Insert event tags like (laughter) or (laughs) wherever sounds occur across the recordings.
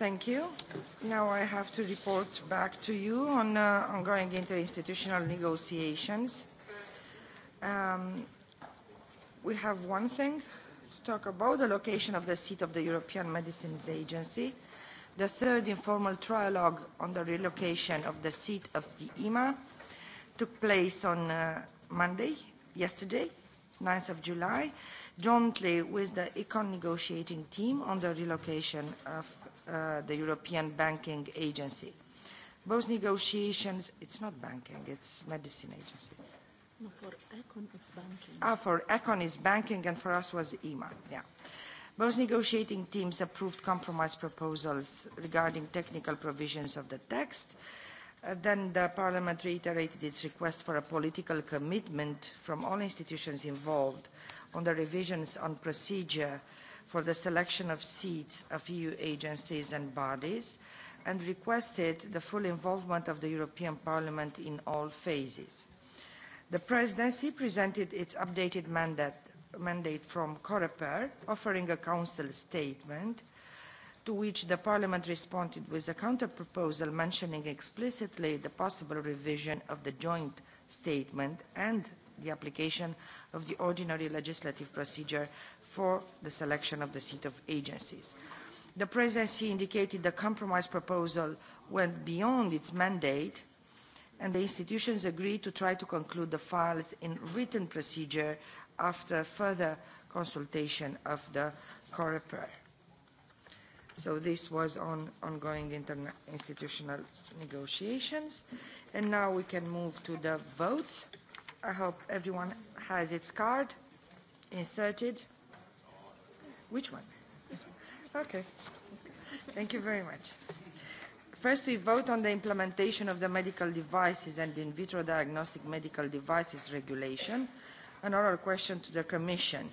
Thank you. Now I have to report back to you on uh, ongoing interinstitutional negotiations. Um, we have one thing to talk about, the location of the seat of the European Medicines Agency, the third informal trialogue on the relocation of the seat of the EMA took place on uh, Monday, yesterday, 9th of July, jointly with the ECON negotiating team on the relocation of uh, the European Banking Agency. Both negotiations, it's not banking, it's medicine agency. No, for ECON it's banking. Ah, for ECON it's banking and for us was EMA, yeah. Both negotiating teams approved compromise proposals regarding technical provisions of the text. Uh, then the Parliament reiterated its request for a political commitment from all institutions involved on the revisions on procedure uh, for the selection of seats of EU agencies and bodies and requested the full involvement of the European Parliament in all phases. The Presidency presented its updated mandate, mandate from COREPER, offering a Council statement to which the Parliament responded with a counter-proposal mentioning explicitly the possible revision of the joint statement and the application of the ordinary legislative procedure for the selection of the seat of agencies. The presidency indicated the compromise proposal went beyond its mandate and the institutions agreed to try to conclude the files in written procedure after further consultation of the COREPER. So this was on ongoing interinstitutional negotiations. And now we can move to the votes. I hope everyone has its card inserted. Which one? Okay. Thank you very much. First, we vote on the implementation of the Medical Devices and In Vitro Diagnostic Medical Devices Regulation, an oral question to the Commission.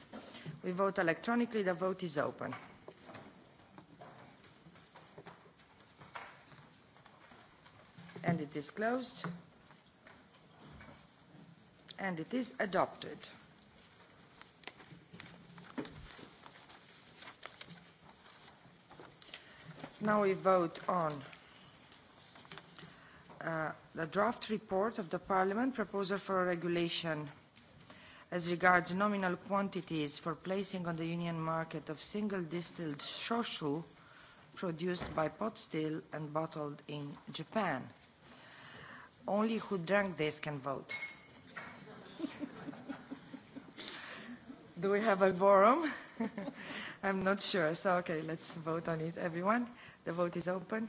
We vote electronically. The vote is open. And it is closed and it is adopted. Now we vote on uh, the draft report of the Parliament proposal for a regulation as regards nominal quantities for placing on the Union market of single distilled shoshu produced by pot still and bottled in Japan. Only who drank this can vote. Do we have a quorum? (laughs) I'm not sure. So, okay, let's vote on it, everyone. The vote is open.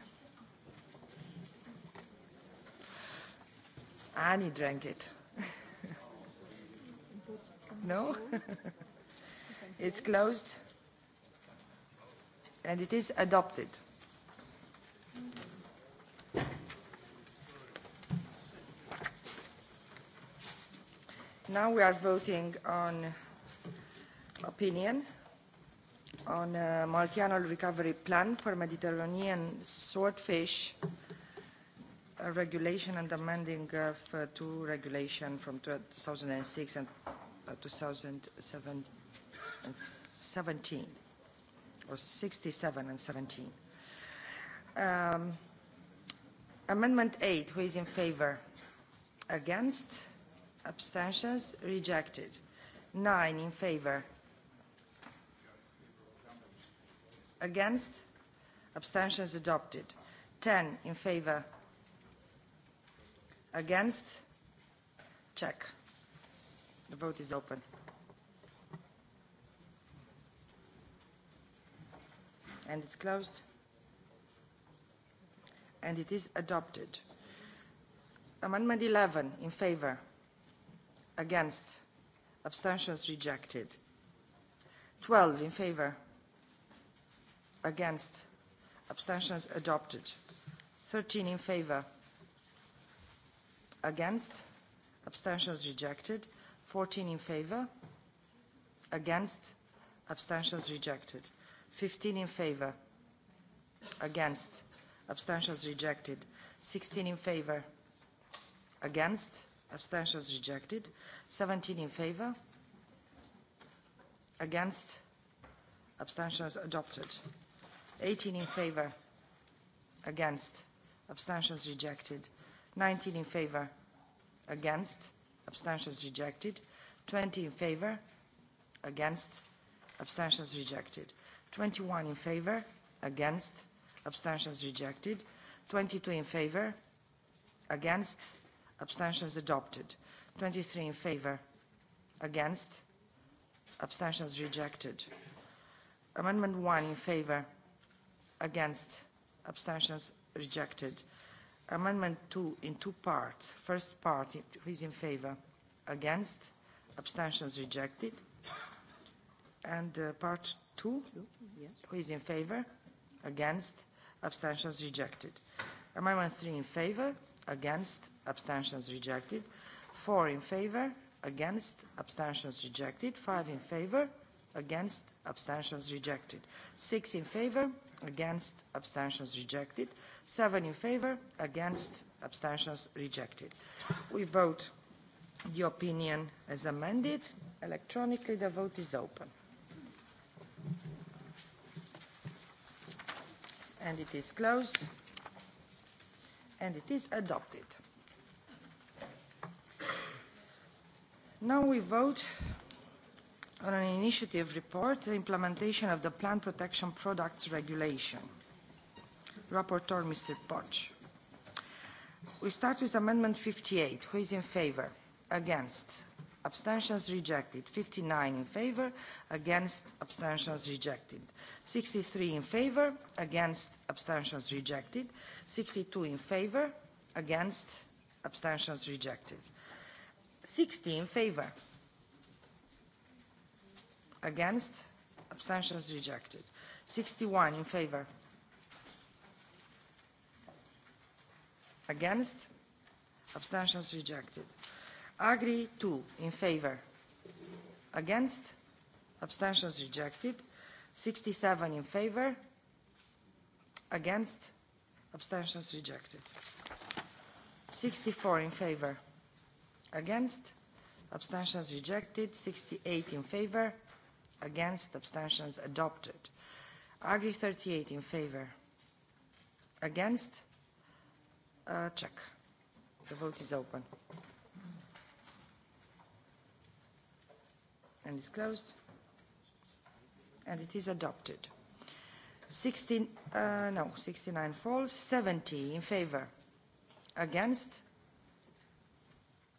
Annie drank it. (laughs) no? (laughs) it's closed. And it is adopted. Now we are voting on opinion on a multi-annual recovery plan for Mediterranean swordfish a regulation and amending of uh, two regulation from 2006 and uh, 2017 or 67 and 17. Um, amendment 8, who is in favor? Against? Abstentions? Rejected. 9 in favor? Against? Abstentions adopted. 10 in favor. Against? Check. The vote is open. And it's closed. And it is adopted. Amendment 11 in favor. Against? Abstentions rejected. 12 in favor against abstentions adopted 13 in favor against abstentions rejected 14 in favor against abstentions rejected 15 in favor against abstentions rejected 16 in favor against abstentions rejected 17 in favor against abstentions adopted 18 in favor, against, abstentions rejected. 19 in favor, against, abstentions rejected. 20 in favor, against, abstentions rejected. 21 in favor, against, abstentions rejected. 22 in favor, against, abstentions adopted. 23 in favor, against, abstentions rejected. Amendment 1 in favor, against abstentions rejected amendment 2 in two parts first part who is in favor against abstentions rejected and uh, part 2 yes. who is in favor against abstentions rejected amendment 3 in favor against abstentions rejected 4 in favor against abstentions rejected 5 in favor against abstentions rejected 6 in favor against, abstentions rejected. Seven in favor, against, abstentions rejected. We vote the opinion as amended. Electronically, the vote is open. And it is closed. And it is adopted. Now we vote on an initiative report, the implementation of the Plant Protection Products Regulation. Rapporteur, Mr. Poch. We start with Amendment 58. Who is in favor? Against? Abstentions rejected. 59 in favor, against, abstentions rejected. 63 in favor, against, abstentions rejected. 62 in favor, against, abstentions rejected. 60 in favor, Against? Abstentions rejected. 61 in favor. Against? Abstentions rejected. Agri 2 in favor. Against? Abstentions rejected. 67 in favor. Against? Abstentions rejected. 64 in favor. Against? Abstentions rejected. 68 in favor. Against? against abstentions adopted agri 38 in favor against uh, check the vote is open and is closed and it is adopted 16 uh, no 69 falls 70 in favor against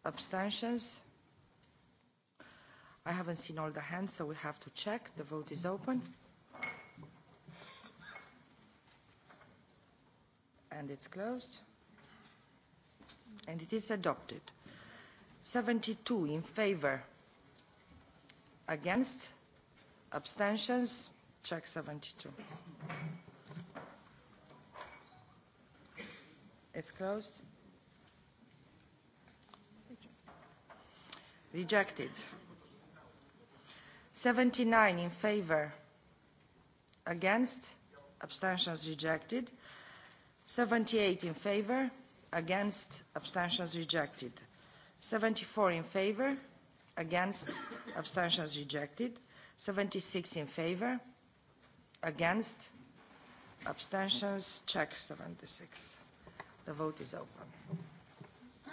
abstentions I haven't seen all the hands, so we have to check. The vote is open. And it's closed. And it is adopted. 72 in favor, against, abstentions, check 72. It's closed. Rejected. 79 in favor, against, abstentions rejected. 78 in favor, against, abstentions rejected. 74 in favor, against, abstentions rejected. 76 in favor, against, abstentions, check 76. The vote is open.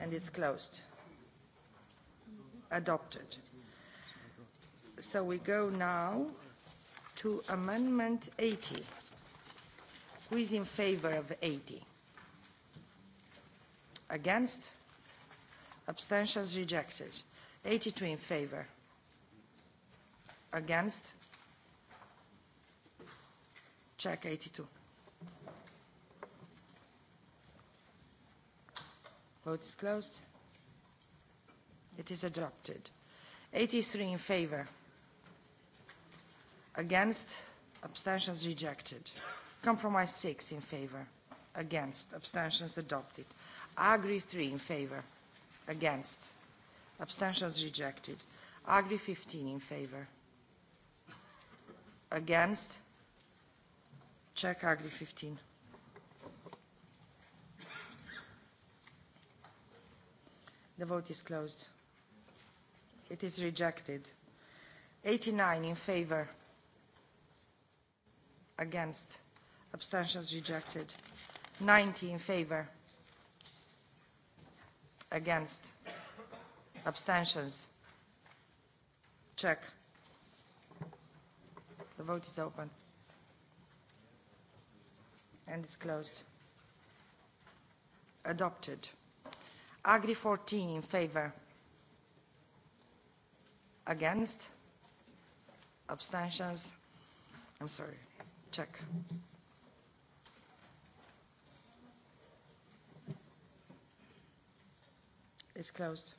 And it's closed adopted. So we go now to Amendment 80. Who is in favor of 80? Against? Abstentions rejected. 82 in favor. Against? Check 82. Vote is closed. It is adopted. 83 in favor. Against. Abstentions rejected. Compromise 6 in favor. Against. Abstentions adopted. Agri 3 in favor. Against. Abstentions rejected. Agri 15 in favor. Against. Check Agri 15. The vote is closed. It is rejected. 89 in favor. Against. Abstentions rejected. 90 in favor. Against. Abstentions. Check. The vote is open. And it's closed. Adopted. Agri 14 in favor. Against? Abstentions? I'm sorry. Check. It's closed.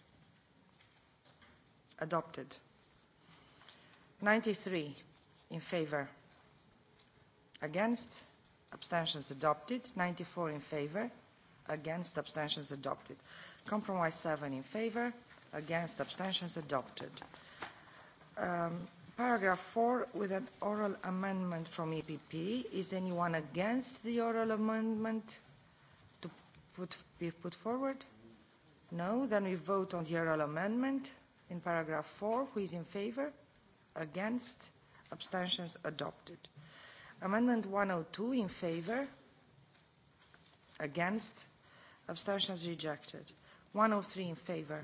Adopted. 93 in favor. Against? Abstentions adopted. 94 in favor. Against? Abstentions adopted. Compromise 7 in favor. Against? Abstentions adopted um, paragraph 4 with an oral amendment from EPP. Is anyone against the oral amendment to put, be put forward? No. Then we vote on the oral amendment in paragraph 4. Who is in favor? Against? Abstentions adopted. Amendment 102 in favor? Against? Abstentions rejected. 103 in favor?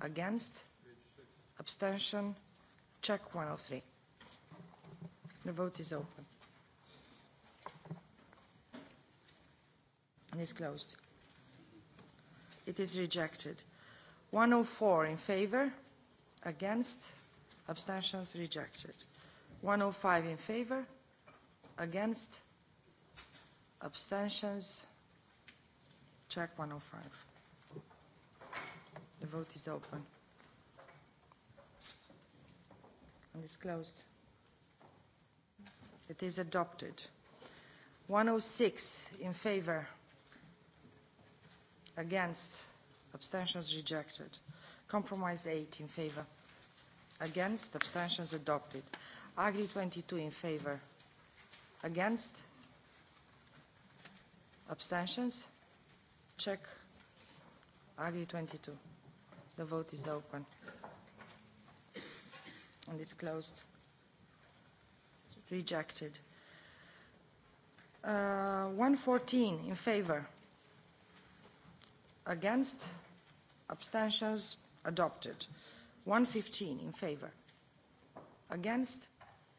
Against? abstention check 103 the vote is open and is closed it is rejected 104 in favor against abstentions rejected 105 in favor against abstentions check 105 the vote is open and is closed. It is adopted. 106 in favor, against, abstentions rejected. Compromise 8 in favor, against, abstentions adopted. Agri 22 in favor, against, abstentions, check. Agri 22. The vote is open. And it's closed. Rejected. Uh, 114 in favor. Against. Abstentions. Adopted. 115 in favor. Against.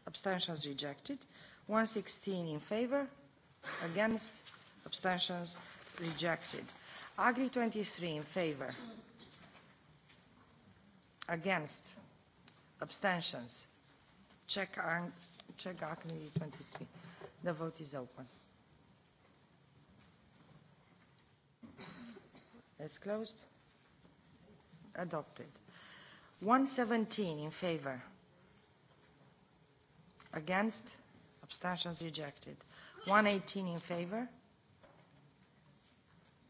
Abstentions rejected. 116 in favor. Against. Abstentions rejected. Agri 23 in favor. Against Abstentions. Check, check ACME 23. The vote is open. It's closed. Adopted. 117 in favor. Against? Abstentions rejected. 118 in favor.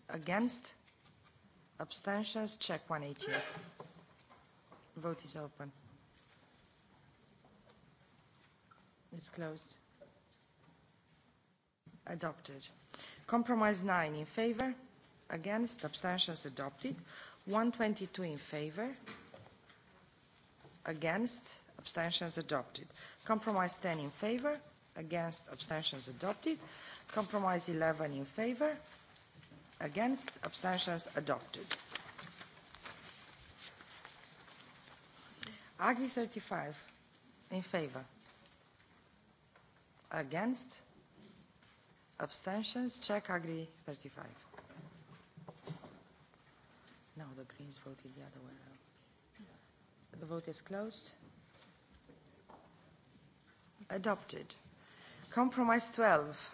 Against? Abstentions? Check 118. Vote is open. It's closed. Adopted. Compromise 9 in favor. Against. Abstentions adopted. 122 in favor. Against. Abstentions adopted. Compromise 10 in favor. Against. Abstentions adopted. Compromise 11 in favor. Against. Abstentions adopted. Agri 35 in favor Against? Abstentions? Check Agri 35. No, the Greens voted the other way around. The vote is closed. Adopted. Compromise 12.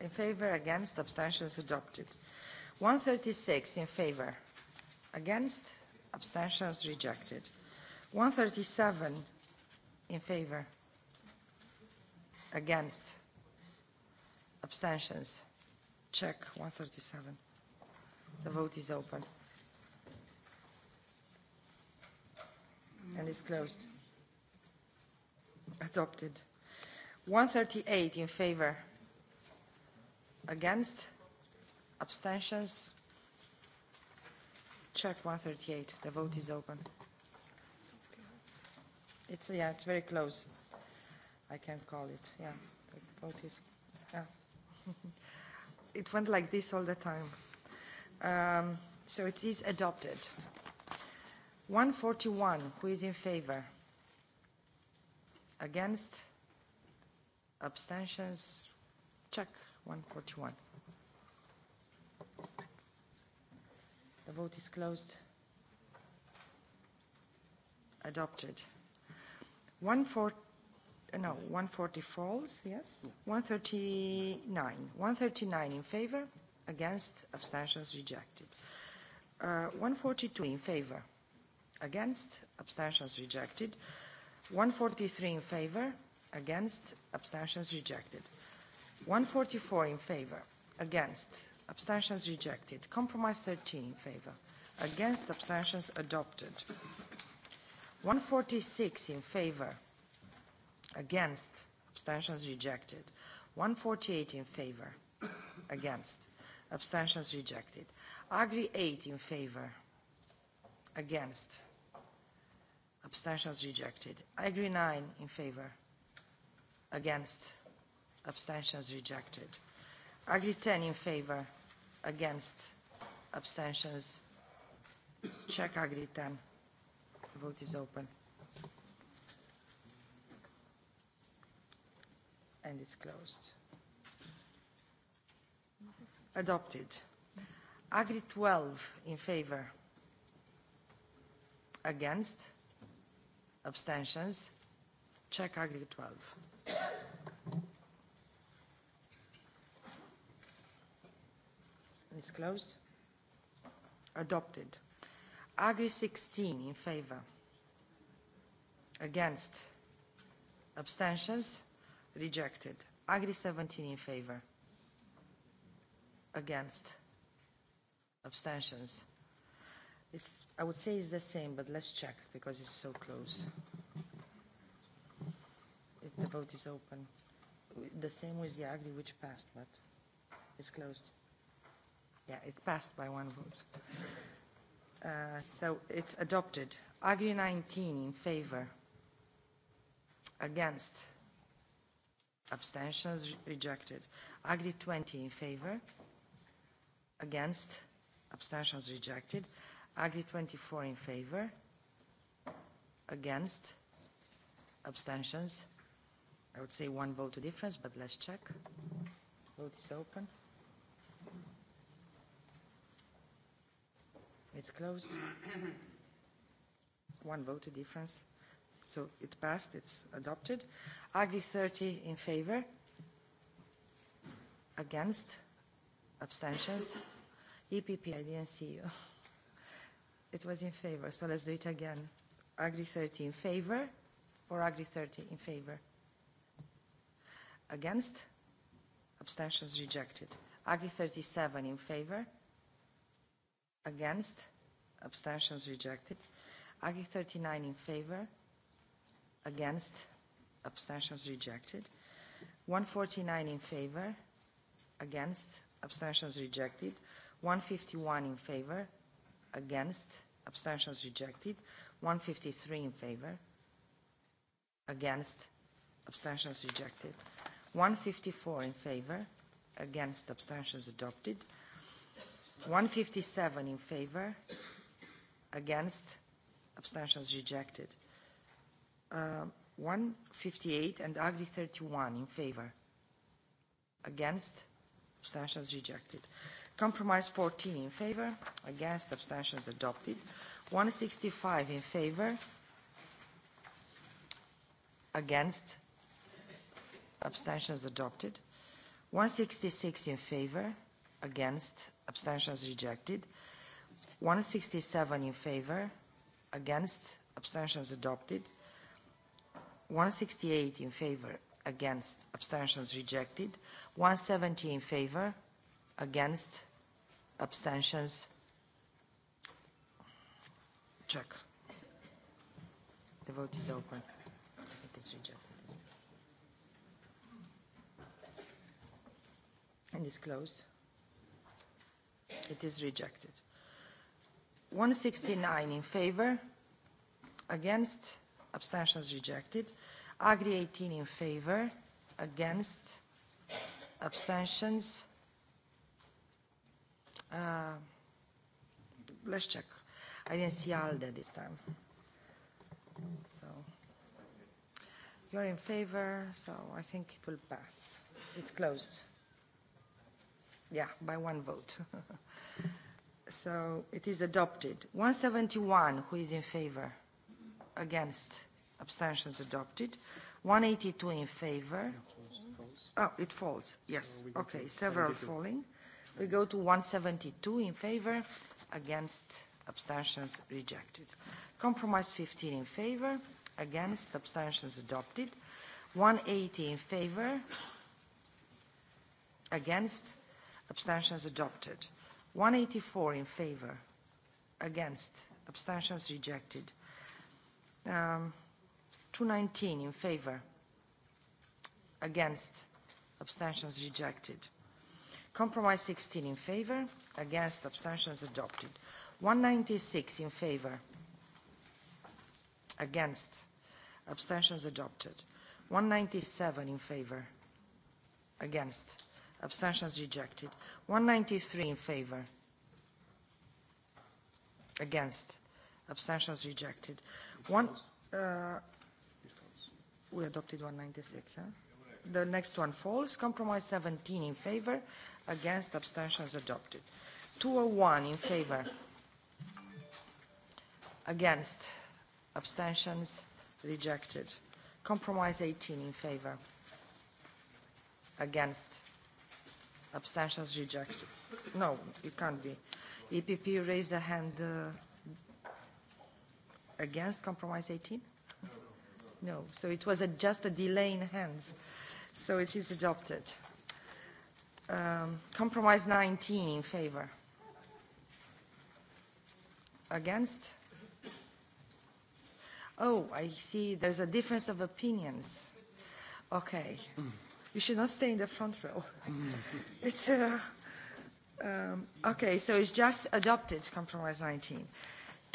In favor, against, abstentions adopted. 136 in favor, against, abstentions rejected. 137 in favor, Against? Abstentions? Check 137. The vote is open. And it's closed. Adopted. 138 in favor. Against? Abstentions? Check 138. The vote is open. It's, yeah, it's very close. I can call it. Yeah, the vote is. Yeah. (laughs) it went like this all the time. Um, so it is adopted. 141, who is in favor? Against? Abstentions? Check. 141. The vote is closed. Adopted. 140. Uh, no, 140 falls, yes. 139. 139 in favor, against, abstentions rejected. Uh, 142 in favor, against, abstentions rejected. 143 in favor, against, abstentions rejected. 144 in favor, against, abstentions rejected. Compromise 13 in favor, against, abstentions adopted. 146 in favor, Against. Abstentions rejected. 148 in favor. Against. Abstentions rejected. Agri 8 in favor. Against. Abstentions rejected. Agri 9 in favor. Against. Abstentions rejected. Agri 10 in favor. Against. Abstentions. Check Agri 10. The vote is open. and it's closed. Adopted. Agri 12 in favor. Against. Abstentions. Check Agri 12. It's closed. Adopted. Agri 16 in favor. Against. Abstentions rejected. Agri 17 in favor. Against. Abstentions. It's, I would say it's the same, but let's check because it's so close. It, the vote is open. The same with the Agri, which passed, but it's closed. Yeah, it passed by one vote. Uh, so it's adopted. Agri 19 in favor. Against abstentions rejected. Agri 20 in favor, against, abstentions rejected. Agri 24 in favor, against, abstentions. I would say one vote difference, but let's check. Vote is open. It's closed. (coughs) one vote difference. So it passed, it's adopted. Agri 30 in favor, against, abstentions. EPP, I didn't see you. (laughs) It was in favor, so let's do it again. Agri 30 in favor, or Agri 30 in favor? Against, abstentions rejected. Agri 37 in favor, against, abstentions rejected. Agri 39 in favor, against, abstentions rejected. 149 in favor, against, abstentions rejected. 151 in favor, against, abstentions rejected. 153 in favor, against, abstentions rejected. 154 in favor, against, abstentions adopted. 157 in favor, against, abstentions rejected uh, 158 and Agri 31 in favor. Against, abstentions rejected. Compromise 14 in favor, against, abstentions adopted. 165 in favor, against, abstentions adopted. 166 in favor, against, abstentions rejected. 167 in favor, against, abstentions adopted. 168 in favor, against, abstentions rejected. 170 in favor, against, abstentions. Check. The vote is open. I think it's rejected. And it's closed. It is rejected. 169 in favor, against, abstentions rejected. Agri 18 in favor, against, abstentions. Uh, let's check. I didn't see ALDE this time. So you're in favor, so I think it will pass. It's closed. Yeah, by one vote. (laughs) so it is adopted. 171, who is in favor? against, abstentions adopted. 182 in favor. Oh, it falls. Yes. Okay, several falling. We go to 172 in favor, against, abstentions rejected. Compromise 15 in favor, against, abstentions adopted. 180 in favor, against, abstentions adopted. 184 in favor, against, abstentions rejected. 185 Um, 219 in favor, against, abstentions rejected. Compromise 16 in favor, against, abstentions adopted. 196 in favor, against, abstentions adopted. 197 in favor, against, abstentions rejected. 193 in favor, against, abstentions rejected. One, uh, we adopted 196. Huh? The next one falls. Compromise 17 in favor, against abstentions adopted. 201 in favor, against abstentions rejected. Compromise 18 in favor, against abstentions rejected. No, it can't be. EPP raised a hand. Uh, against compromise 18? No. So it was a, just a delay in hands. So it is adopted. Um, compromise 19 in favor. Against? Oh, I see there's a difference of opinions. Okay. You should not stay in the front row. (laughs) It's, uh, um, okay, so it's just adopted, compromise 19.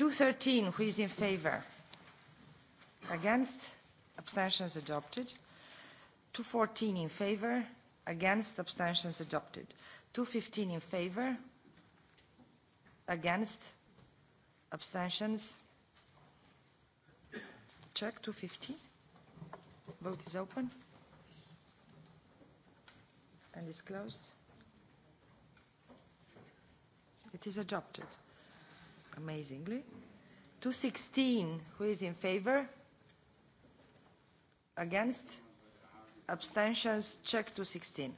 213, who is in favor? Against? Abstentions adopted. 214 in favor. Against? Abstentions adopted. 215 in favor. Against? Abstentions? Check 215. Vote is open. And it's closed. It is adopted amazingly. 216, who is in favor? Against? Abstentions? Check 216.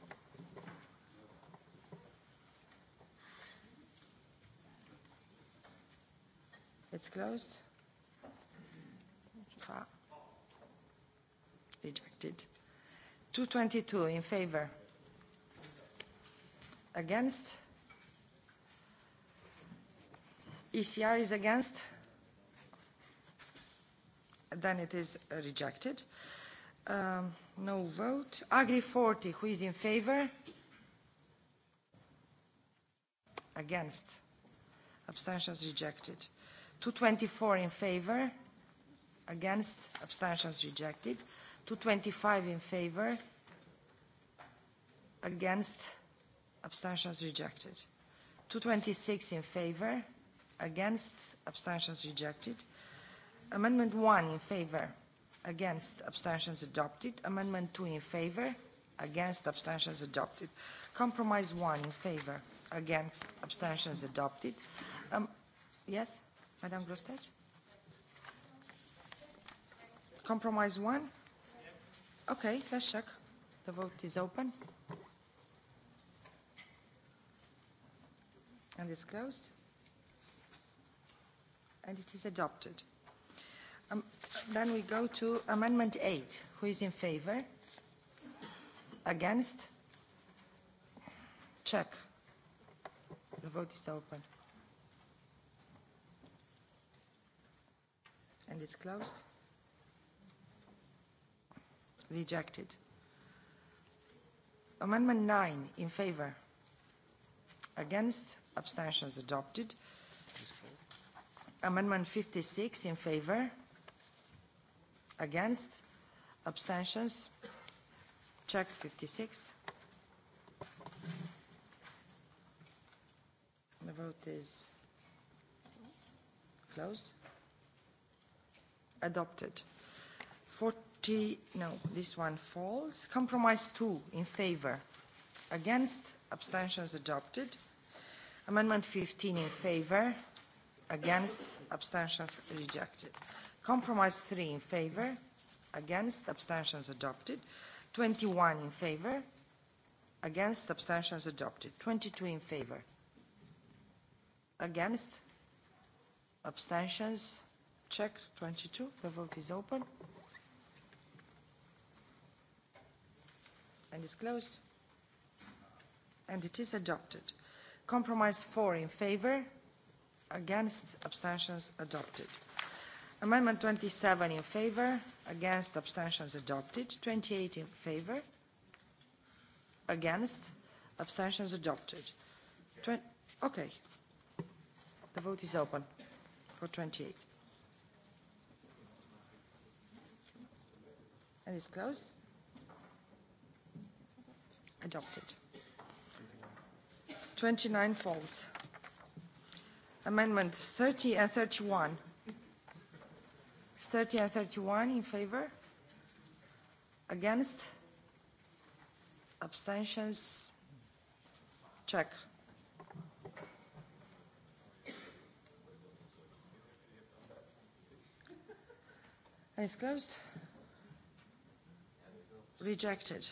It's closed. Far. Rejected. 222 in favor. Against? ECR is against? Then it is rejected. Um, no vote. Agri 40, who is in favor? Against. Abstentions rejected. 224 in favor. Against. Abstentions rejected. 225 in favor. Against. Abstentions rejected. 226 in favor against, abstentions rejected. Amendment 1 in favor, against, abstentions adopted. Amendment 2 in favor, against, abstentions adopted. Compromise 1 in favor, against, abstentions adopted. Um, yes, Madame Grostet? Compromise 1? Okay, let's check. The vote is open. And it's closed and it is adopted. Um, then we go to Amendment 8. Who is in favor? Against? Check. The vote is open. And it's closed. Rejected. Amendment 9 in favor. Against? Abstentions adopted. Amendment 56 in favor, against, abstentions. Check 56. The vote is closed. Adopted. 40, no, this one falls. Compromise 2 in favor, against, abstentions adopted. Amendment 15 in favor, against, abstentions rejected. Compromise 3 in favor, against, abstentions adopted. 21 in favor, against, abstentions adopted. 22 in favor, against, abstentions, check 22, the vote is open. And it's closed. And it is adopted. Compromise 4 in favor, against abstentions adopted amendment 27 in favor against abstentions adopted 28 in favor against abstentions adopted Twen okay the vote is open for 28 and it's closed adopted 29 falls Amendment 30 and 31. 30 and 31 in favor? Against? Abstentions? Check. Eyes closed. Rejected.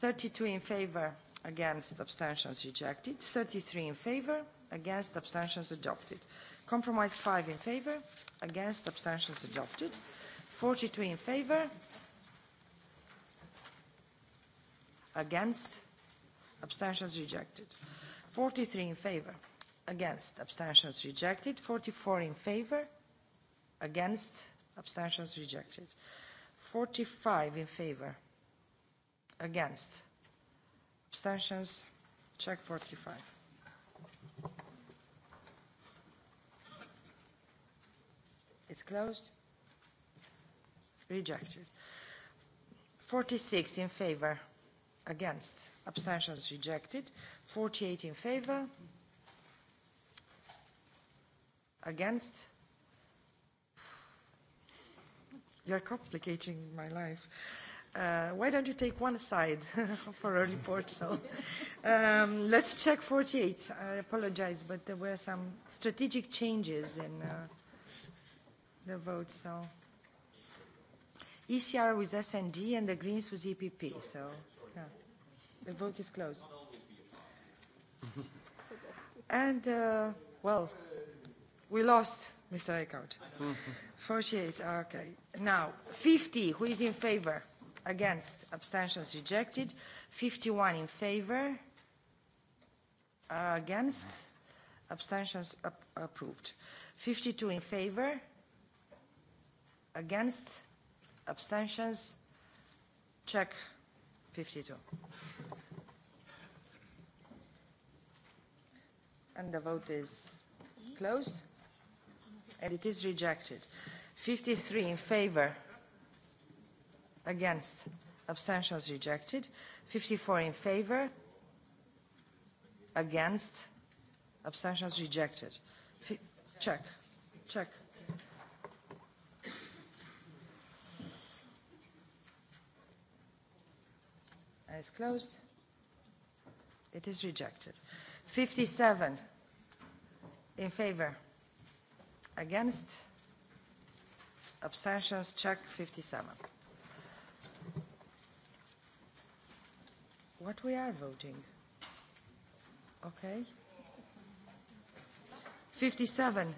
32 in favor against abstentions rejected 33 in favor against abstentions adopted compromise 5 in favor against abstentions adopted 42 in favor against abstentions rejected 43 in favor against abstentions rejected 44 in favor against abstentions rejected 45 in favor against Abstentions? Check 45. It's closed. Rejected. 46 in favor. Against. Abstentions rejected. 48 in favor. Against. You're complicating my life. Uh, Uh, why don't you take one side (laughs) for a report? So um, let's check 48. I apologize, but there were some strategic changes in uh, the vote. So ECR with SND and the Greens with EPP. So yeah. the vote is closed. and uh, well, we lost Mr. Eickhout. 48. (laughs) Okay. Now 50. Who is in favor? against, abstentions rejected. 51 in favor, uh, against, abstentions ap approved. 52 in favor, against, abstentions, check 52. And the vote is closed. And it is rejected. 53 in favor, against abstentions rejected 54 in favor against abstentions rejected F check check and it's closed it is rejected 57 in favor against abstentions check 57 What we are voting? Okay. 57.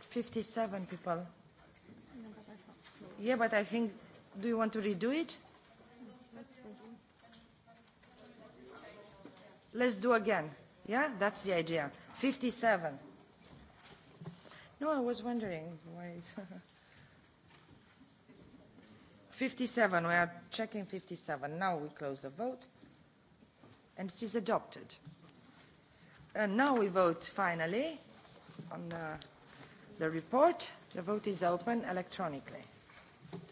57 people. Yeah, but I think, do you want to redo it? Let's do again. Yeah, that's the idea. 57. No, I was wondering why. (laughs) 57. We are checking 57. Now we close the vote. And it is adopted. And now we vote finally on uh, the report. The vote is open electronically. Thank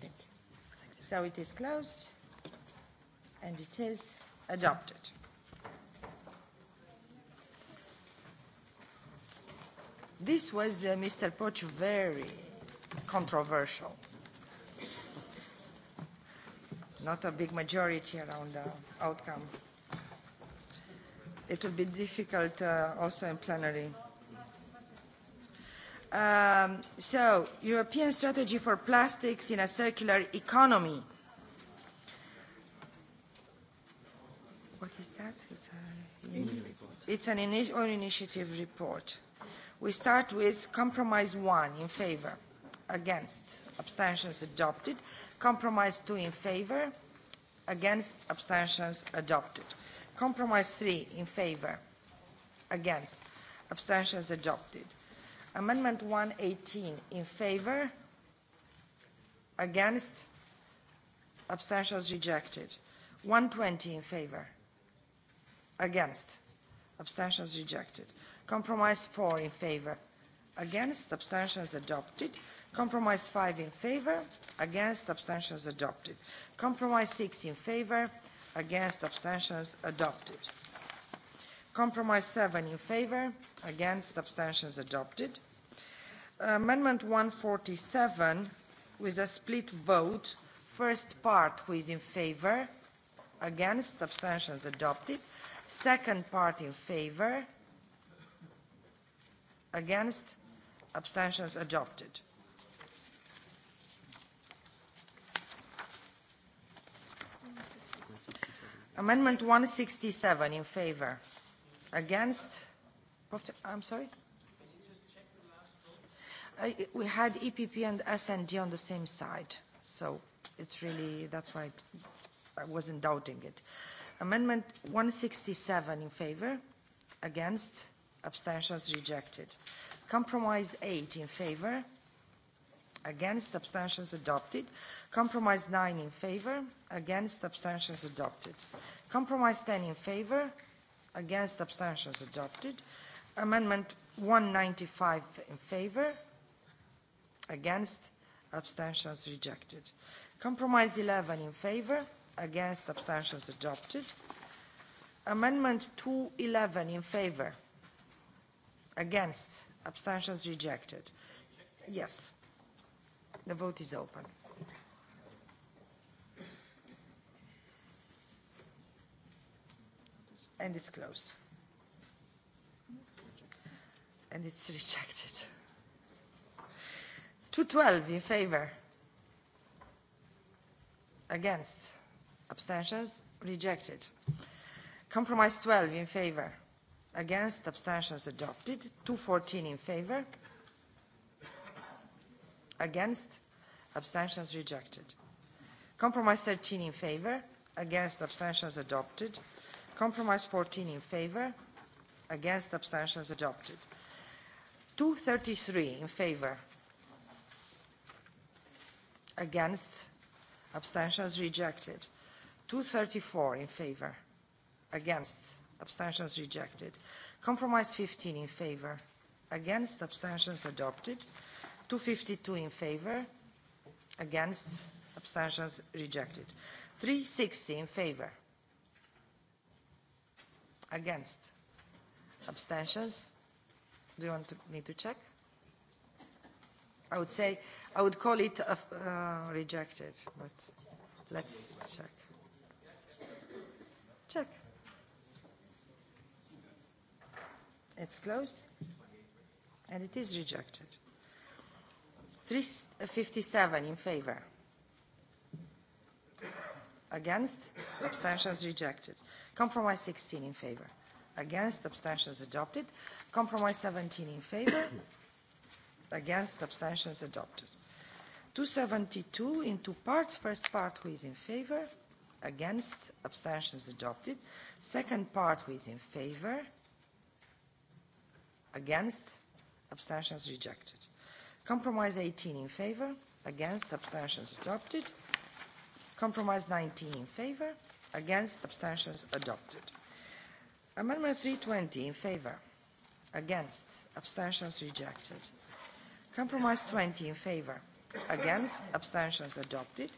you. Thank you. So it is closed and it is adopted. This was uh, Mr. Poch very controversial. Not a big majority around the outcome. It will be difficult uh, also in plenary. Um, so, European strategy for plastics in a circular economy. What is that? It's, a, in, it's an ini own initiative report. We start with compromise one in favor against, abstentions adopted. Compromise 2 in favor, against, abstentions adopted. Compromise 3 in favor, against, abstentions adopted. Amendment 118 in favor, against, abstentions rejected. 120 in favor, against, abstentions rejected. Compromise 4 in favor, against, abstentions adopted. Compromise 5 in favor, against abstentions adopted. Compromise 6 in favor, against abstentions adopted. Compromise 7 in favor, against abstentions adopted. Amendment 147 with a split vote. First part, who is in favor? Against, abstentions adopted. Second part, in favor? Against, abstentions adopted. Amendment 167 in favor. Against? I'm sorry? Uh, we had EPP and SND on the same side, so it's really, that's why I wasn't doubting it. Amendment 167 in favor, against, abstentions rejected. Compromise 8 in favor, against abstentions adopted compromise 9 in favor against abstentions adopted compromise 10 in favor against abstentions adopted amendment 195 in favor against abstentions rejected compromise 11 in favor against abstentions adopted amendment 211 in favor against abstentions rejected yes The vote is open. And it's closed. And it's rejected. 212 in favor. Against. Abstentions? Rejected. Compromise 12 in favor. Against. Abstentions adopted. 214 in favor. Against? Abstentions rejected. Compromise 13 in favor. Against? Abstentions adopted. Compromise 14 in favor. Against? Abstentions adopted. 233 in favor. Against? Abstentions rejected. 234 in favor. Against? Abstentions rejected. Compromise 15 in favor. Against? Abstentions adopted. 252 in favor, against, abstentions rejected. 360 in favor, against, abstentions. Do you want to, me to check? I would say, I would call it uh, uh, rejected, but let's check. Check. It's closed and it is rejected. 357 in favor. Against, abstentions rejected. Compromise 16 in favor. Against, abstentions adopted. Compromise 17 in favor. Against, abstentions adopted. 272 in two parts. First part, who is in favor? Against, abstentions adopted. Second part, who is in favor? Against, abstentions rejected. Compromise 18 in favor, against, abstentions adopted. Compromise 19 in favor, against, abstentions adopted. Amendment 320 in favor, against, abstentions rejected. Compromise 20 in favor, against, abstentions adopted.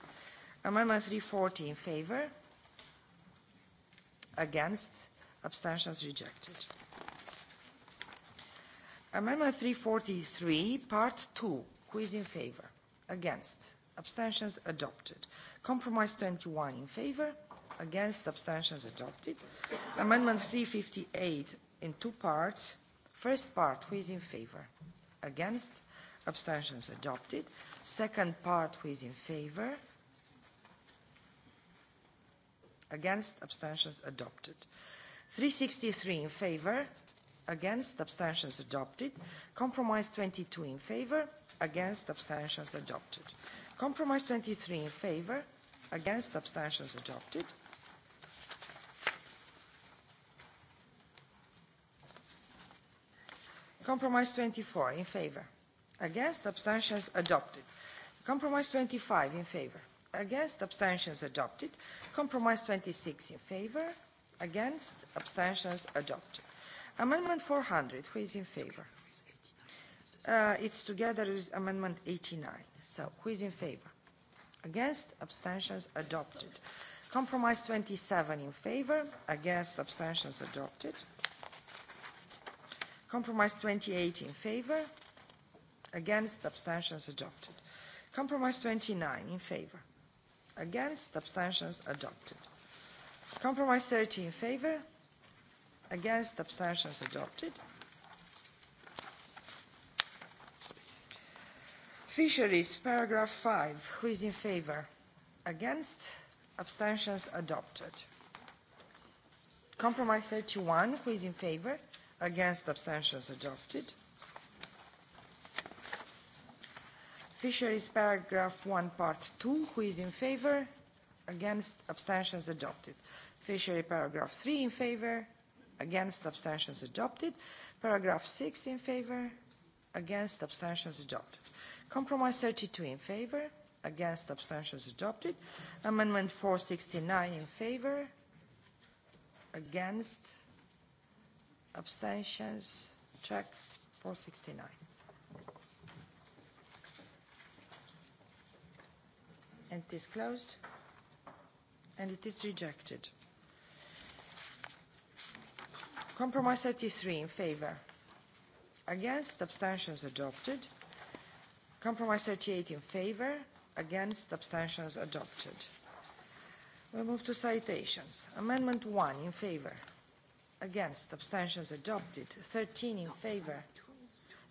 Amendment 340 in favor, against, abstentions rejected. Amendment 343, Part 2. Who is in favor? Against. Abstentions adopted. Compromise 21 in favor. Against. Abstentions adopted. Amendment 358 in two parts. First part, who is in favor? Against. Abstentions adopted. Second part, who is in favor? Against. Abstentions adopted. 363 in favor against abstentions adopted compromise 22 in favor against abstentions adopted compromise 23 in favor against abstentions adopted compromise 24 in favor against abstentions adopted compromise 25 in favor against abstentions adopted compromise 26 in favor against abstentions adopted Amendment 400, who is in favor? Uh, it's together with Amendment 89. So who is in favor? Against, abstentions adopted. Compromise 27 in favor, against, abstentions adopted. Compromise 28 in favor, against, abstentions adopted. Compromise 29 in favor, against, abstentions adopted. Compromise 30 in favor, Against, abstentions adopted. Fisheries, paragraph 5. Who is in favor? Against, abstentions adopted. Compromise 31. Who is in favor? Against, abstentions adopted. Fisheries, paragraph 1, part 2. Who is in favor? Against, abstentions adopted. Fishery, paragraph 3, in favor? against abstentions adopted. Paragraph 6 in favor, against abstentions adopted. Compromise 32 in favor, against abstentions adopted. Amendment 469 in favor, against abstentions check 469. And it is closed and it is rejected. Compromise 33 in favor. Against, abstentions adopted. Compromise 38 in favor. Against, abstentions adopted. We move to citations. Amendment 1 in favor. Against, abstentions adopted. 13 in favor.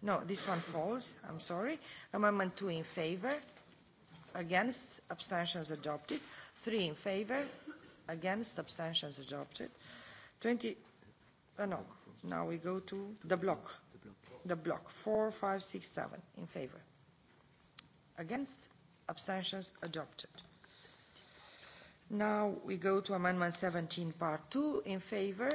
No, this one falls. I'm sorry. Amendment 2 in favor. Against, abstentions adopted. 3 in favor. Against, abstentions adopted. 20, Uh, no. Now we go to the block. The block. The block. Four, five, six, seven. In favor. Against. Abstentions adopted. Now we go to Amendment 17, Part 2. In favor.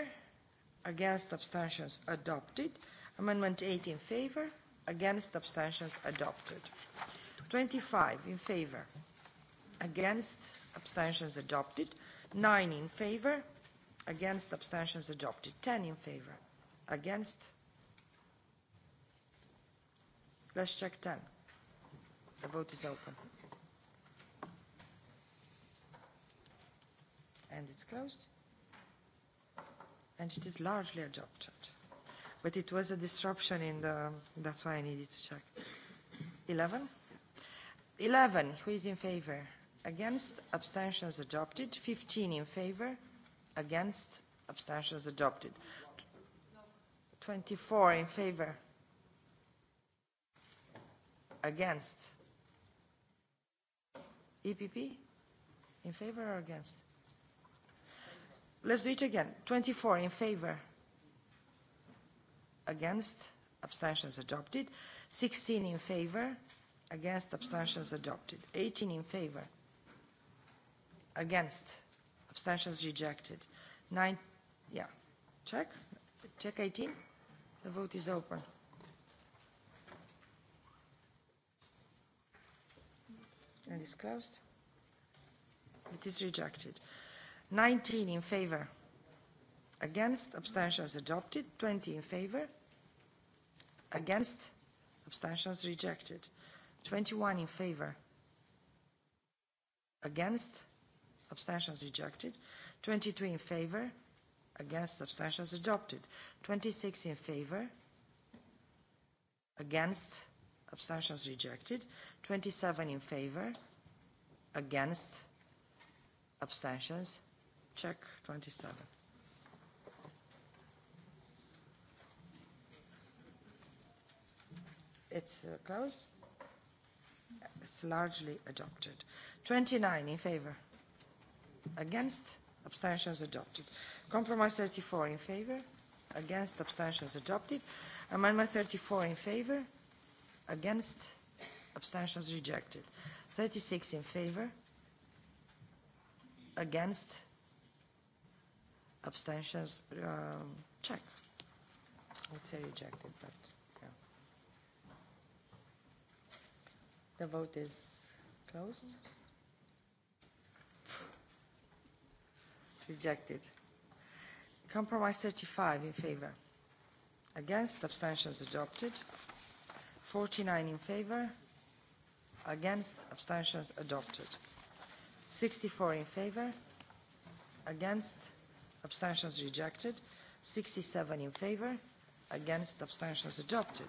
Against. Abstentions adopted. Amendment 8 in favor. Against. Abstentions adopted. 25 in favor. Against. Abstentions adopted. 9 in favor Against, abstentions adopted. 10 in favor. Against. Let's check 10. The vote is open. And it's closed. And it is largely adopted. But it was a disruption in the, that's why I needed to check. 11. 11, who is in favor? Against, abstentions adopted. 15 in favor against abstentions adopted 24 in favor against EPP in favor or against let's do it again 24 in favor against abstentions adopted 16 in favor against abstentions adopted 18 in favor against abstentions rejected. Nine, yeah, check. Check 18. The vote is open. And is closed. It is rejected. 19 in favor. Against, abstentions adopted. 20 in favor. Against, abstentions rejected. 21 in favor. Against, abstentions rejected. 22 in favor, against, abstentions adopted. 26 in favor, against, abstentions rejected. 27 in favor, against, abstentions. Check 27. It's uh, closed. It's largely adopted. 29 in favor against, abstentions adopted. Compromise 34 in favor, against, abstentions adopted. Amendment 34 in favor, against, abstentions rejected. 36 in favor, against, abstentions um, check. I would say rejected, but yeah. The vote is closed. Mm -hmm. Rejected. Compromise 35 in favor. Against. Abstentions adopted. 49 in favor. Against. Abstentions adopted. 64 in favor. Against. Abstentions rejected. 67 in favor. Against. Abstentions adopted.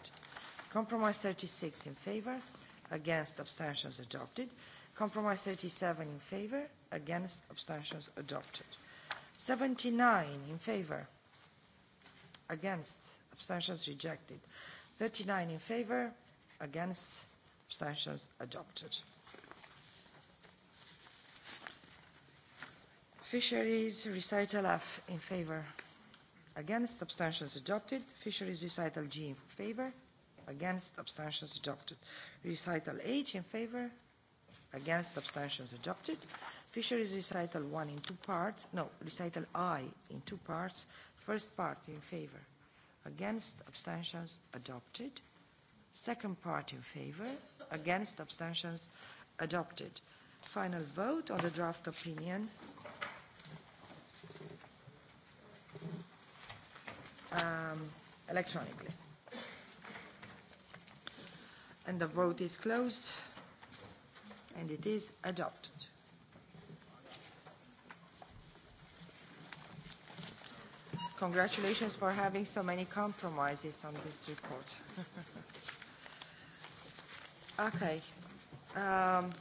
Compromise 36 in favor. Against. Abstentions adopted. Compromise 37 in favor. Against. Abstentions adopted. 79 in favor, against, abstentions rejected. 39 in favor, against, abstentions adopted. Fisheries recital F in favor, against, abstentions adopted. Fisheries recital G in favor, against, abstentions adopted. Recital H in favor, against abstentions adopted. Fisheries recital 1 in two parts, no, recital I in two parts. First part in favor, against abstentions adopted. Second part in favor, against abstentions adopted. Final vote on the draft opinion. Um, electronically. And the vote is closed and it is adopted. Congratulations for having so many compromises on this report. (laughs) okay. Um,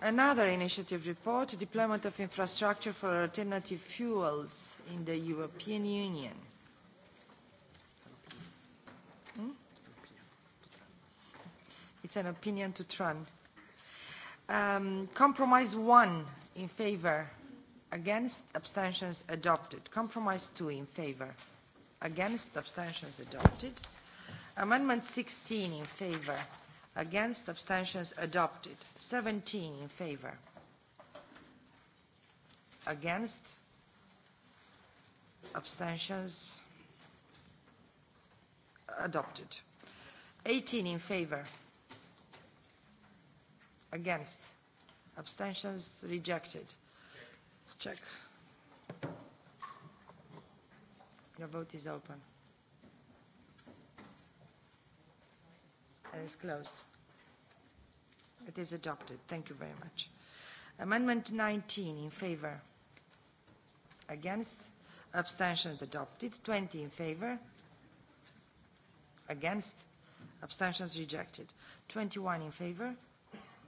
another initiative report, deployment of infrastructure for alternative fuels in the European Union. It's an opinion to Tran. Um, compromise 1 in favor, against, abstentions adopted. Compromise 2 in favor, against, abstentions adopted. Amendment 16 in favor, against, abstentions adopted. 17 in favor, against, abstentions adopted. 18 in favor, against, Against. Abstentions rejected. Check. The vote is open. And it's closed. It is adopted. Thank you very much. Amendment 19 in favor. Against. Abstentions adopted. 20 in favor. Against. Abstentions rejected. 21 in favor. Against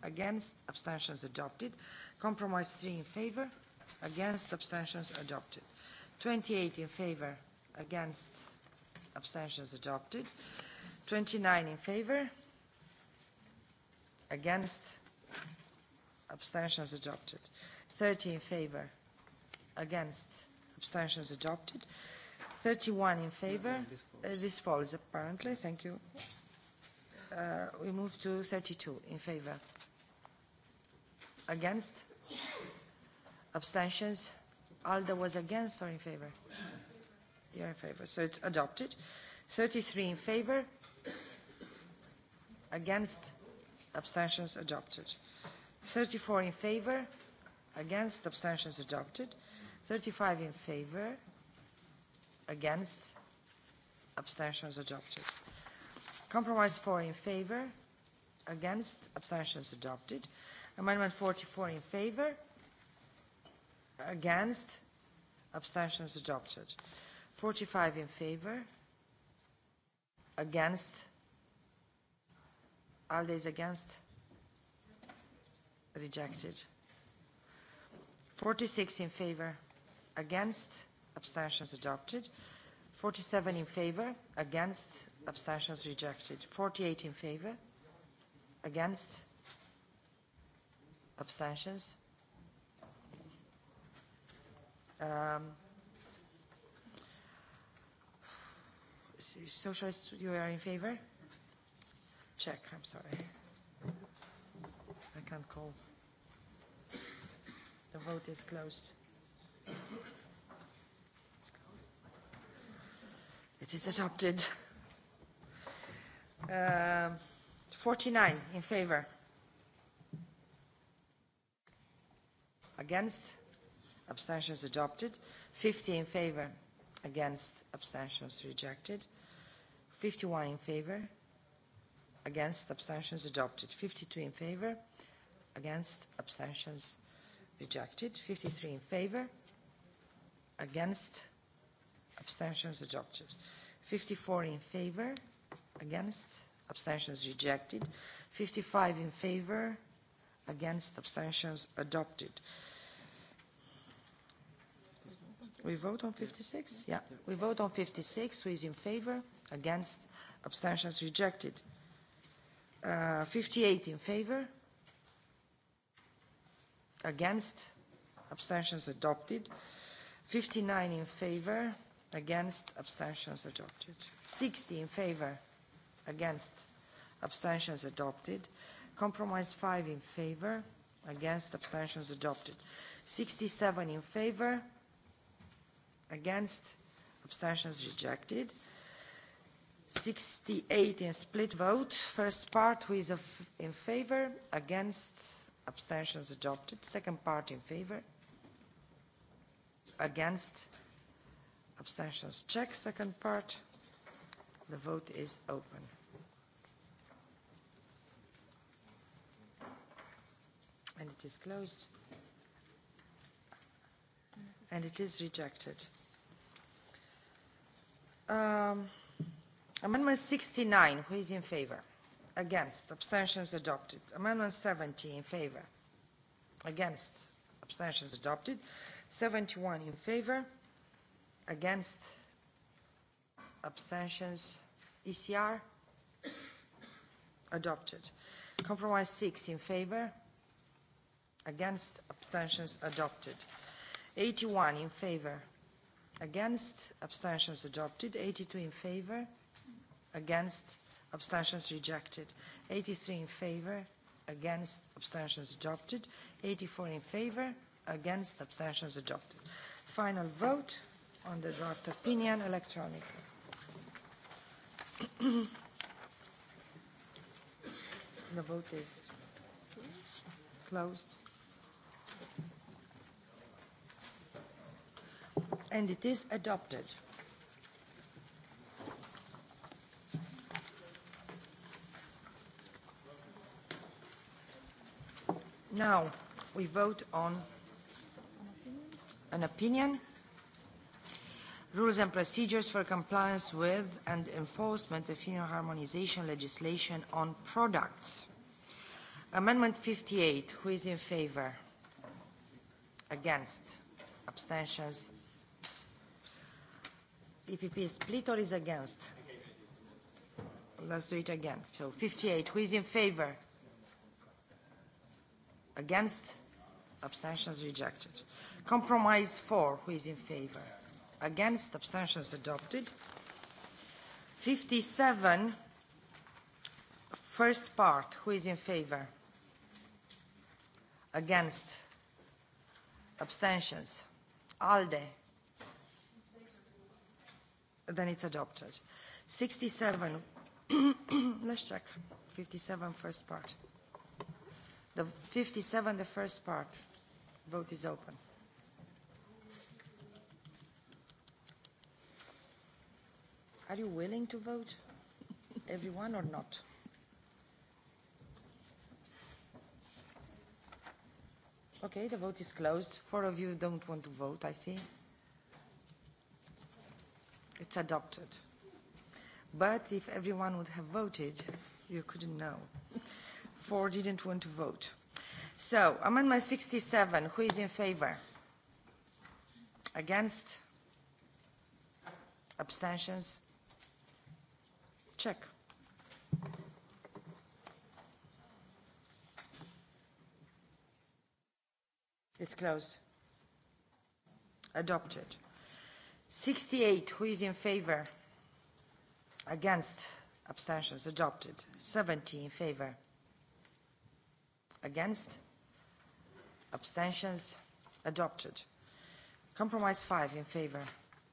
against, abstentions adopted. Compromise 3 in favor, against, abstentions adopted. 28 in favor, against, abstentions adopted. 29 in favor, against, abstentions adopted. 30 in favor, against, abstentions adopted. 31 in favor. This falls. Uh, this falls apparently. Thank you. Uh, we move to 32 in favor. Against? Abstentions? Alda was against or in favor? You're in favor. So it's adopted. 33 in favor. Against? Abstentions adopted. 34 in favor. Against? Abstentions adopted. 35 in favor. Against? Abstentions adopted. Compromise 4 in favor. Against? Abstentions adopted. Amendment 44 in favor, against, abstentions adopted. 45 in favor, against, all these against, rejected. 46 in favor, against, abstentions adopted. 47 in favor, against, abstentions rejected. 48 in favor, against, Abstentions? Um, socialists, you are in favor? Check, I'm sorry. I can't call. The vote is closed. It is adopted. Um, 49 in favor. Against? Abstentions adopted. 50 in favor. Against? Abstentions rejected. 51 in favor. Against? Abstentions adopted. 52 in favor. Against? Abstentions rejected. 53 in favor. Against? Abstentions adopted. 54 in favor. Against? Abstentions rejected. 55 in favor. Against? Abstentions adopted. We vote on 56? Yeah. We vote on 56. Who is in favor? Against? Abstentions rejected. Uh, 58 in favor? Against? Abstentions adopted. 59 in favor? Against? Abstentions adopted. 60 in favor? Against? Abstentions adopted. Compromise 5 in favor? Against? Abstentions adopted. 67 in favor? against, abstentions rejected. 68 in split vote. First part, who is in favor, against, abstentions adopted. Second part in favor, against, abstentions check. Second part, the vote is open. And it is closed. And it is rejected. Um, amendment 69, who is in favor? Against. Abstentions adopted. Amendment 70, in favor. Against. Abstentions adopted. 71 in favor. Against. Abstentions. ECR. Adopted. Compromise 6 in favor. Against. Abstentions adopted. 81 in favor against, abstentions adopted. 82 in favor, against, abstentions rejected. 83 in favor, against, abstentions adopted. 84 in favor, against, abstentions adopted. Final vote on the draft opinion electronically. (clears throat) the vote is closed. and it is adopted. Now we vote on an opinion, rules and procedures for compliance with and enforcement of EU harmonization legislation on products. Amendment 58, who is in favor? Against? Abstentions? EPP is split or is against? Let's do it again. So 58, who is in favor? Against? Abstentions rejected. Compromise 4, who is in favor? Against? Abstentions adopted. 57, first part, who is in favor? Against? Abstentions. ALDE? then it's adopted. 67, (clears throat) let's check, 57 first part. The 57, the first part, vote is open. Are you willing to vote, everyone, or not? Okay, the vote is closed. Four of you don't want to vote, I see. It's adopted. But if everyone would have voted, you couldn't know. Four didn't want to vote. So, Amendment 67, who is in favor? Against? Abstentions? Check. It's closed. Adopted. 68, who is in favor? Against, abstentions adopted. 70 in favor. Against, abstentions adopted. Compromise 5 in favor.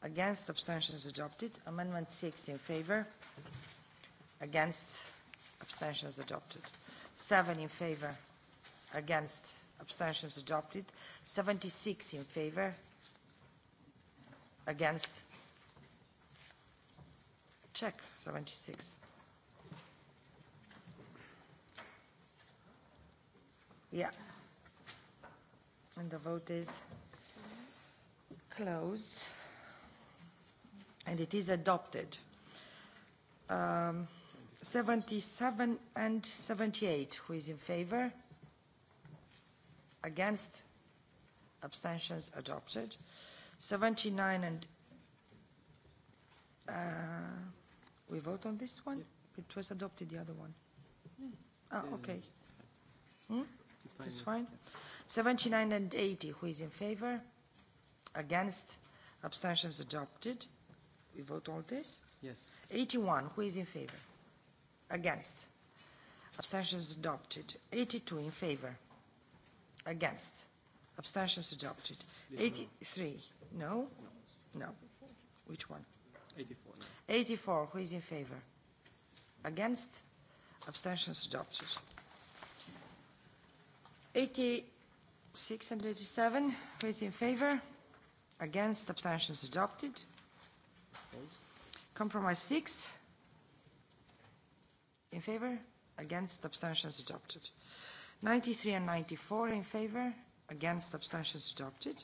Against, abstentions adopted. Amendment 6 in favor. Against, abstentions adopted. 7 in favor. Against, abstentions adopted. 76 in favor. Against? Check 76. Yeah. And the vote is closed. And it is adopted. Um, 77 and 78. Who is in favor? Against? Abstentions adopted. Uh, 79 and uh, we vote on this one? Yeah. It was adopted, the other one. Yeah. Ah, okay. Hmm? It's fine. It's fine. Yeah. 79 and 80, who is in favor? Against? Abstentions adopted. We vote all this? Yes. 81, who is in favor? Against? Abstentions adopted. 82 in favor? Against? Abstentions adopted. 83. No? No. Which one? 84. No. 84. Who is in favor? Against? Abstentions adopted. 86 and 87. Who is in favor? Against? Abstentions adopted. Compromise 6. In favor? Against? Abstentions adopted. 93 and 94 in favor? Against abstentions adopted.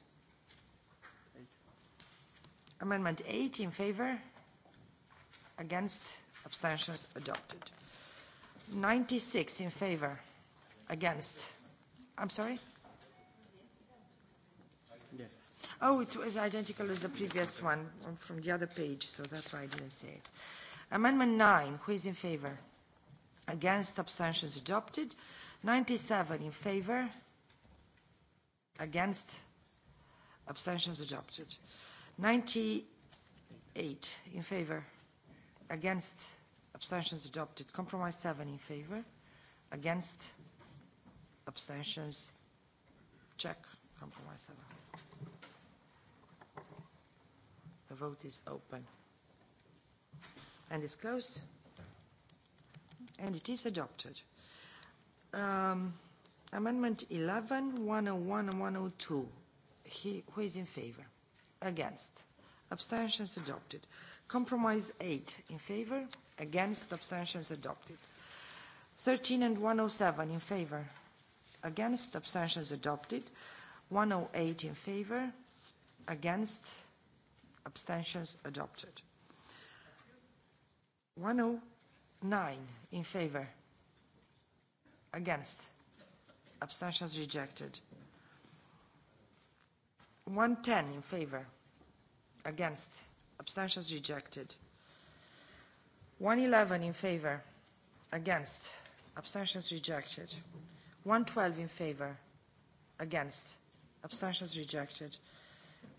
Amendment 8 in favor. Against abstentions adopted. 96 in favor. Against. I'm sorry? Yes. Oh, it was identical as the previous one from the other page, so that's why I didn't say it. Amendment 9, who is in favor? Against abstentions adopted. 97 in favor. Against? Abstentions adopted. 98 in favor. Against? Abstentions adopted. Compromise 7 in favor. Against? Abstentions. Check. Compromise 7. The vote is open. And is closed. And it is adopted. Um, Amendment 11, 101 and 102. He, who is in favor? Against. Abstentions adopted. Compromise 8 in favor. Against. Abstentions adopted. 13 and 107 in favor. Against. Abstentions adopted. 108 in favor. Against. Abstentions adopted. 109 in favor. Against abstentions rejected. 110 in favor, against, abstentions rejected. 111 in favor, against, abstentions rejected. 112 in favor, against, abstentions rejected.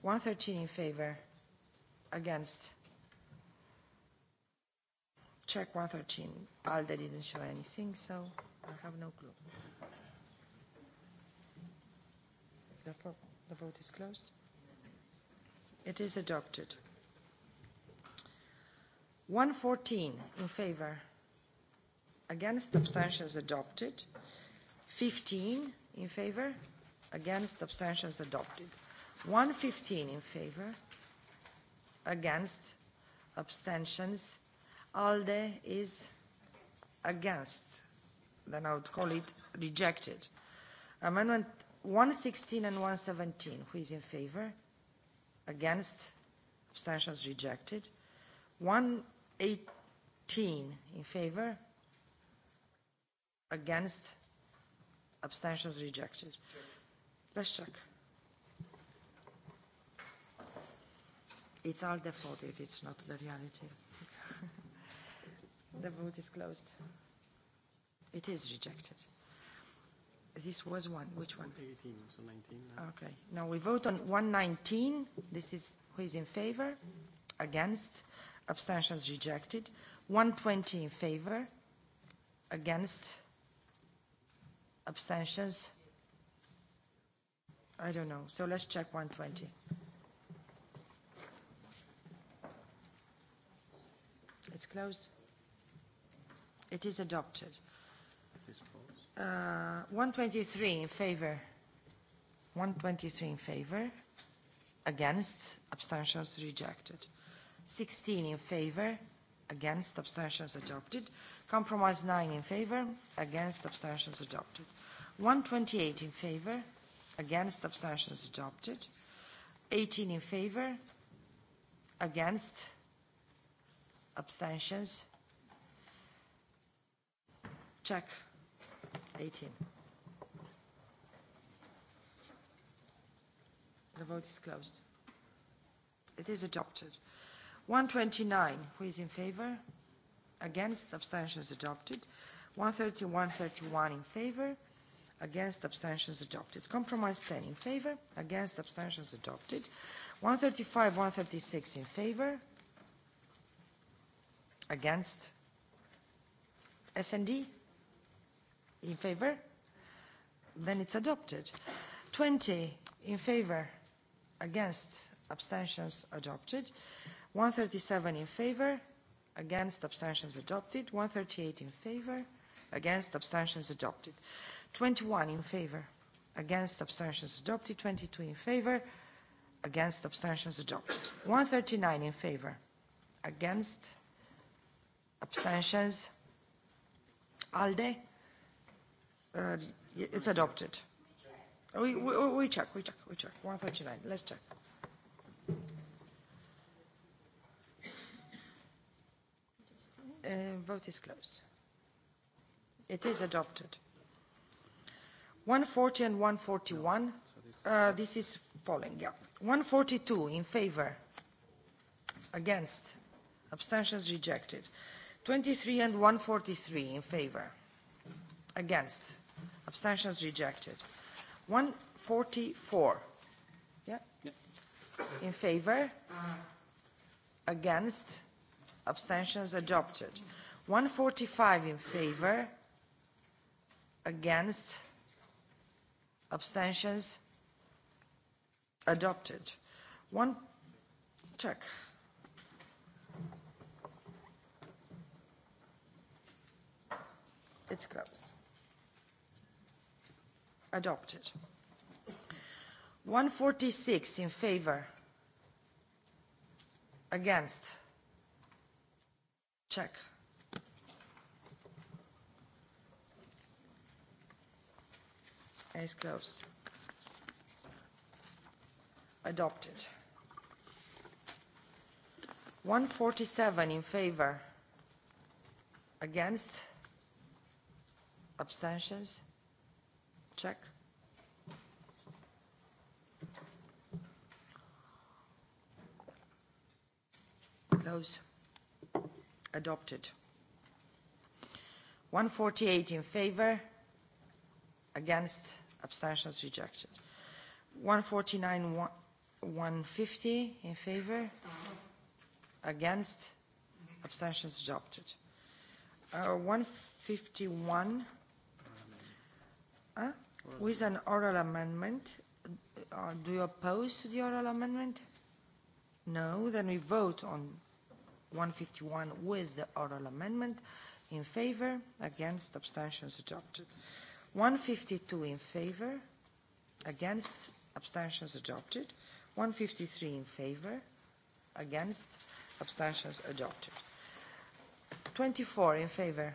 113 in favor, against. Check 113. ALDE didn't show anything, so I have no clue. Therefore, the vote is closed. It is adopted. 114 in favor. Against abstentions adopted. 15 in favor. Against abstentions adopted. 115 in favor. Against abstentions. ALDE is against. Then I would call it rejected. Amendment 116 and 117, who is in favor? Against? Abstentions rejected. 118 in favor? Against? Abstentions rejected. Let's check. It's all the fault if it's not the reality. (laughs) the vote is closed. It is rejected. This was one. Which one? 18, so 19. Now. Okay. Now we vote on 119. This is who is in favor, against, abstentions rejected. 120 in favor, against, abstentions. I don't know. So let's check 120. It's closed. It is adopted. Uh, 123 in favor. 123 in favor. Against. Abstentions rejected. 16 in favor. Against. Abstentions adopted. Compromise 9 in favor. Against. Abstentions adopted. 128 in favor. Against. Abstentions adopted. 18 in favor. Against. Abstentions. Check. 18. The vote is closed. It is adopted. 129, who is in favor? Against, abstentions adopted. 131, 31 in favor. Against, abstentions adopted. Compromise 10 in favor. Against, abstentions adopted. 135, 136 in favor. Against. S&D? In favor? Then it's adopted. 20 in favor, against, abstentions adopted. 137 in favor, against, abstentions adopted. 138 in favor, against, abstentions adopted. 21 in favor, against, abstentions adopted. 22 in favor, against, abstentions adopted. 139 in favor, against, abstentions. ALDE? Uh, it's adopted. We, we, we check, we check, we check. 139, let's check. Uh, vote is closed. It is adopted. 140 and 141, uh, this is falling, yeah. 142 in favor, against, abstentions rejected. 23 and 143 in favor Against. Abstentions rejected. 144. Yeah? yeah. In favor? Against? Abstentions adopted. 145 in favor? Against? Abstentions adopted. One check. It's closed adopted. 146 in favor, against, check. Is closed. Adopted. 147 in favor, against, abstentions, Check. Close. Adopted. 148 in favor, against, abstentions rejected. 149, 150 in favor, against, abstentions adopted. Uh, 151, huh? With an oral amendment, uh, do you oppose to the oral amendment? No, then we vote on 151 with the oral amendment. In favor, against, abstentions adopted. 152 in favor, against, abstentions adopted. 153 in favor, against, abstentions adopted. 24 in favor,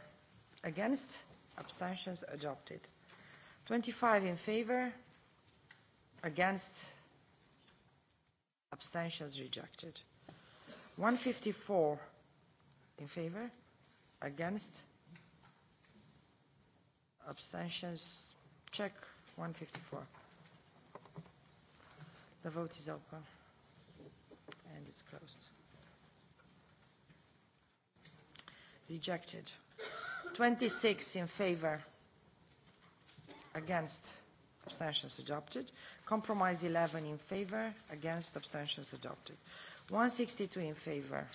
against, abstentions adopted. 25 in favor, against, abstentions rejected. 154 in favor, against, abstentions, check 154. The vote is open and it's closed. Rejected. 26 in favor, against, abstentions adopted. Compromise 11 in favor, against, abstentions adopted. 162 in favor,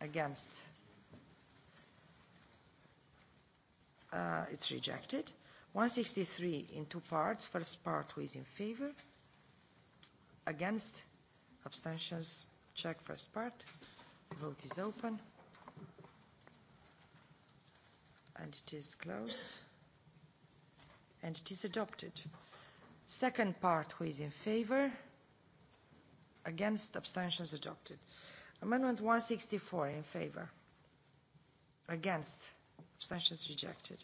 against. Uh, it's rejected. 163 in two parts. First part, who is in favor? Against, abstentions, check first part. Vote is open. And it is closed and it is adopted. Second part, who is in favor? Against, abstentions adopted. Amendment 164 in favor. Against, abstentions rejected.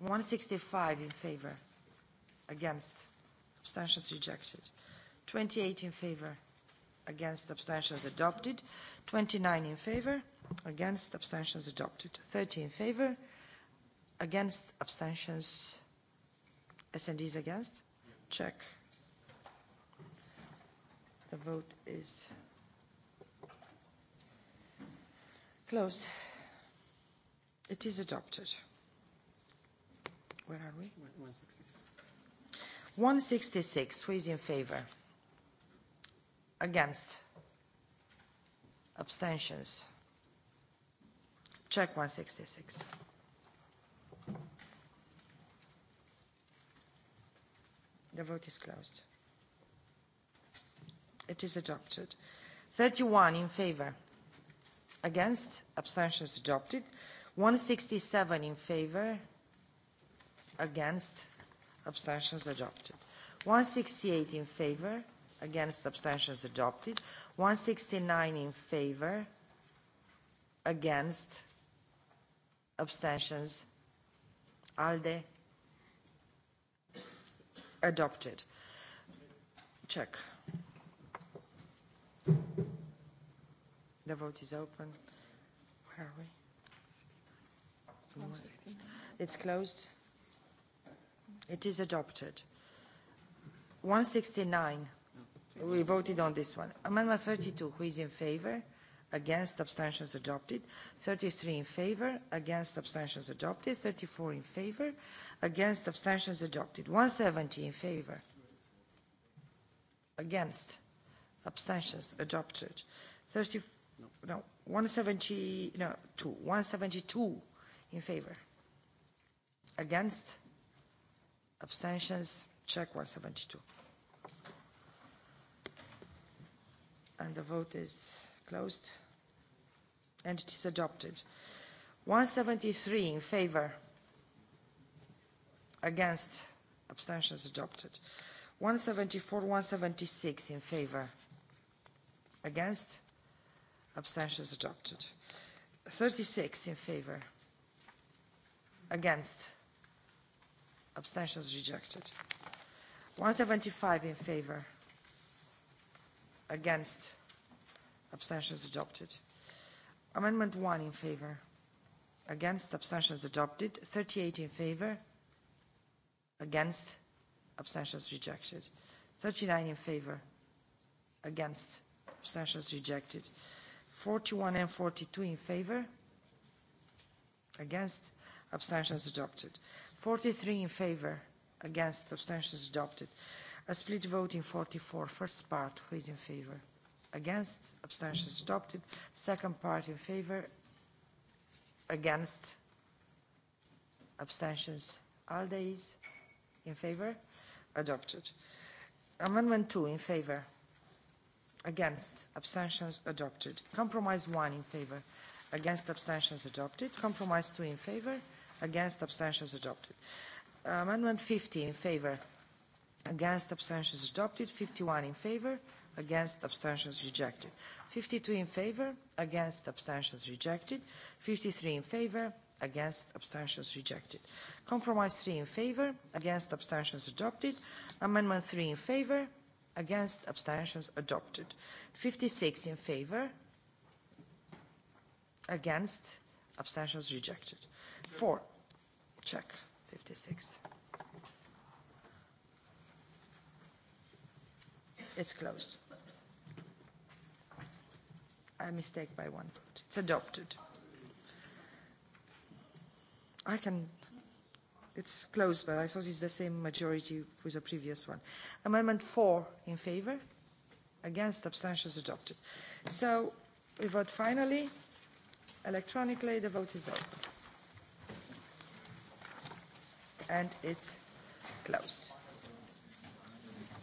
165 in favor. Against, abstentions rejected. 28 in favor. Against, abstentions adopted. 29 in favor. Against, abstentions adopted. 30 in favor Against, abstentions. S&D is against? Check. The vote is closed. It is adopted. Where are we? 166. 166. Who is in favor? Against? Abstentions. Check 166. The vote is closed. It is adopted. 31 in favor. Against, abstentions adopted. 167 in favor. Against, abstentions adopted. 168 in favor. Against, abstentions adopted. 169 in favor. Against, abstentions. ALDE adopted. Check. The vote is open. Where are we? It's closed. It is adopted. 169. We voted on this one. Amendment 32. Who is in favor? against abstentions adopted 33 in favor against abstentions adopted 34 in favor against abstentions adopted 170 in favor against abstentions adopted 30 no, no 170 no 2 172 in favor against abstentions check 172 and the vote is Closed. And it is adopted. 173 in favor. Against. Abstentions adopted. 174, 176 in favor. Against. Abstentions adopted. 36 in favor. Against. Abstentions rejected. 175 in favor. Against abstentions adopted. Amendment 1 in favor, against, abstentions adopted. 38 in favor, against, abstentions rejected. 39 in favor, against, abstentions rejected. 41 and 42 in favor, against, abstentions adopted. 43 in favor, against, abstentions adopted. A split vote in 44, first part, who is in favor? against, abstentions adopted. Second part in favor, against, abstentions. ALDE is in favor, adopted. Amendment 2 in favor, against, abstentions adopted. Compromise 1 in favor, against, abstentions adopted. Compromise 2 in favor, against, abstentions adopted. Amendment 50 in favor, against, abstentions adopted. 51 in favor, against abstentions rejected 52 in favor against abstentions rejected 53 in favor against abstentions rejected compromise 3 in favor against abstentions adopted amendment 3 in favor against abstentions adopted 56 in favor against abstentions rejected 4 check 56 It's closed a mistake by one vote. It's adopted. I can... It's close, but I thought it's the same majority with the previous one. Amendment 4 in favor, against, abstentions adopted. So we vote finally. Electronically, the vote is open. And it's closed.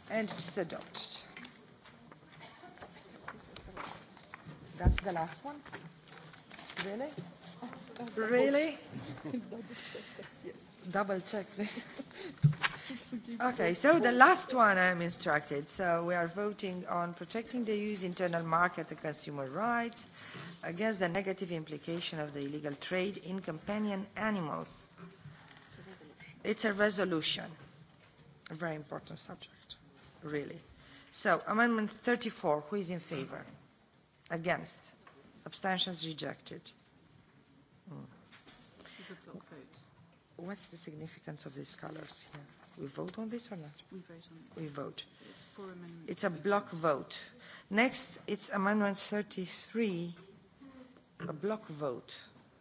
And it's adopted. That's the last one? Really? Really? yes. Double check, please. okay, so the last one I'm instructed. So we are voting on protecting the EU's internal market and consumer rights against the negative implication of the illegal trade in companion animals. It's a resolution. It's a, resolution. a very important subject, really. So amendment 34, who is in favor? Mm -hmm. Against. Abstentions rejected. Mm. This is a block vote. What's the significance of these colors here? We vote on this or not? We vote on this. We vote. It's, for amendment it's a block vote. Next, it's Amendment 33, a block vote.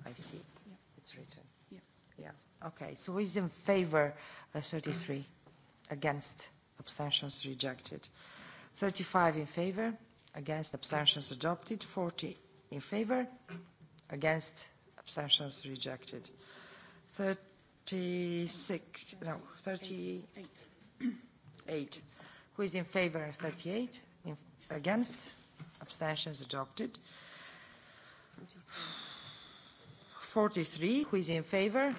I see. Yeah. It's written. Yeah. Yeah. Okay. So who is in favor of 33? Against? Abstentions rejected. 35 in favor? against abstentions adopted 40 in favor against abstentions rejected 36 no 38 8 who is in favor 38 in, against abstentions adopted 43 who is in favor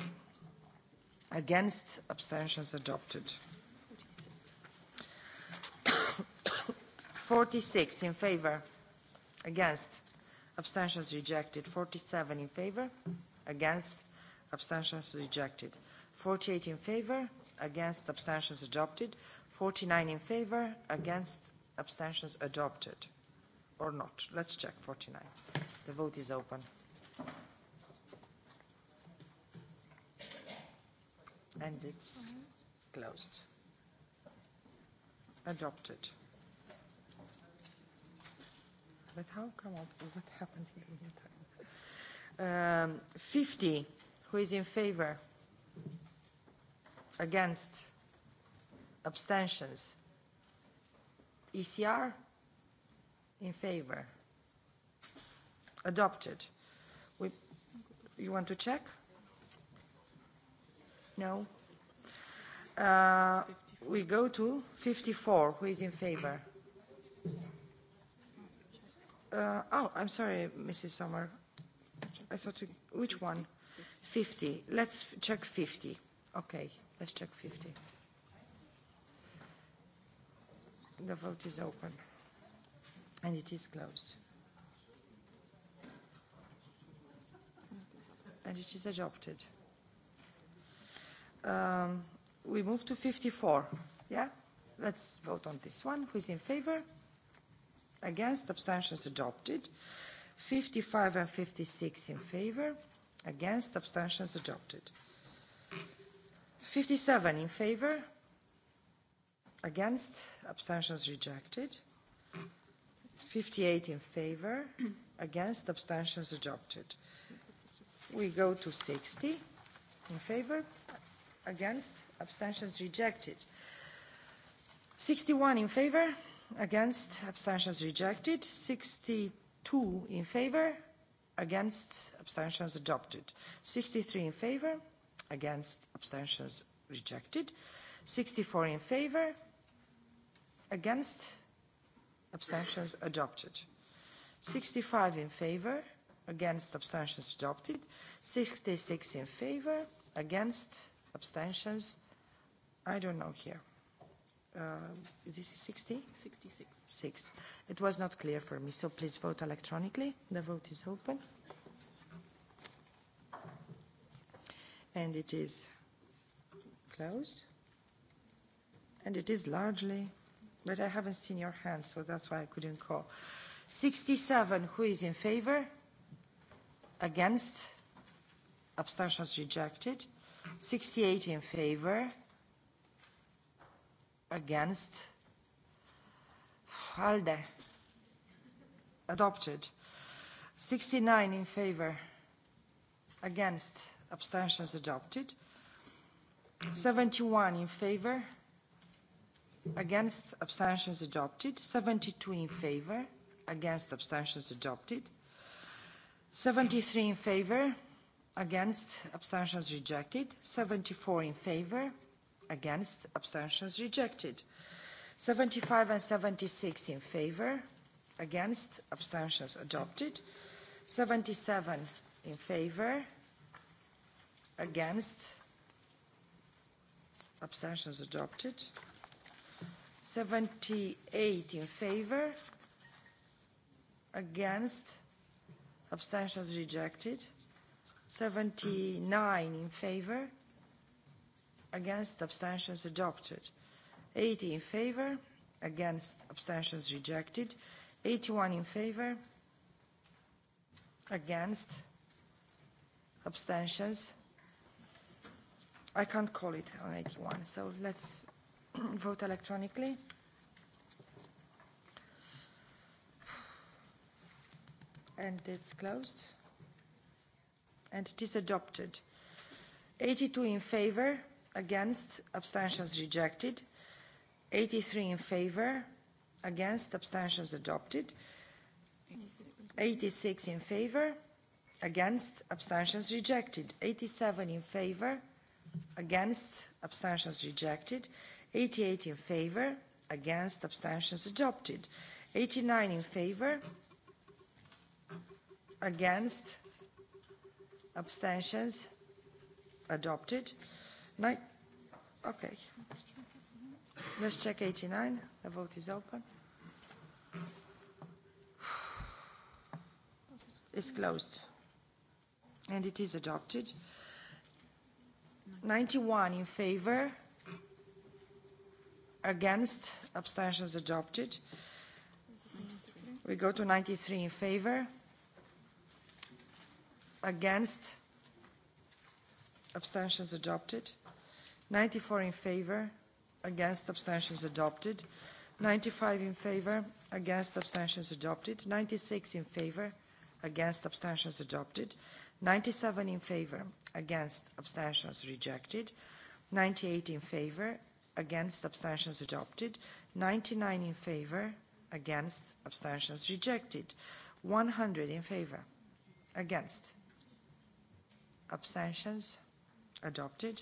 against abstentions adopted 46 in favor, against, abstentions rejected. 47 in favor, against, abstentions rejected. 48 in favor, against, abstentions adopted. 49 in favor, against, abstentions adopted. Or not. Let's check 49. The vote is open. And it's closed. Adopted. But how come out? What happened in the meantime? Um, 50. Who is in favor? Against? Abstentions? ECR? In favor? Adopted. We, you want to check? No? Uh, we go to 54. Who is in favor? Uh, oh, I'm sorry, Mrs. Sommer. I thought, you, which one? 50. Let's check 50. Okay, let's check 50. The vote is open and it is closed. And it is adopted. Um, we move to 54. Yeah? Let's vote on this one. Who is in favor? against abstentions adopted 55 and 56 in favor against abstentions adopted 57 in favor against abstentions rejected 58 in favor against abstentions adopted we go to 60 in favor against abstentions rejected 61 in favor against, abstentions rejected. 62 in favor, against, abstentions adopted. 63 in favor, against, abstentions rejected. 64 in favor, against, abstentions adopted. 65 in favor, against, abstentions adopted. 66 in favor, against, abstentions, I don't know here uh, this is 60? 66. Six. It was not clear for me, so please vote electronically. The vote is open. And it is closed. And it is largely, but I haven't seen your hand, so that's why I couldn't call. 67, who is in favor? Against? Abstentions rejected. 68 in favor against ALDE adopted 69 in favor against abstentions adopted 71 in favor against abstentions adopted 72 in favor against abstentions adopted 73 in favor against abstentions rejected 74 in favor against abstentions rejected 75 and 76 in favor against abstentions adopted 77 in favor against abstentions adopted 78 in favor against abstentions rejected 79 in favor against against abstentions adopted 80 in favor against abstentions rejected 81 in favor against abstentions I can't call it on 81 so let's (clears throat) vote electronically and it's closed and it is adopted 82 in favor against, abstentions rejected. 83 in favor, against, abstentions adopted. 86 in favor, against, abstentions rejected. 87 in favor, against, abstentions rejected. 88 in favor, against, abstentions adopted. 89 in favor, against, abstentions adopted. Nine? Okay. Let's check 89. The vote is open. It's closed. And it is adopted. 91 in favor. Against. Abstentions adopted. We go to 93 in favor. Against. Abstentions adopted. 94 in favor, against abstentions adopted. 95 in favor, against abstentions adopted. 96 in favor, against abstentions adopted. 97 in favor, against abstentions rejected. 98 in favor, against abstentions adopted. 99 in favor, against abstentions rejected. 100 in favor, against abstentions adopted. 101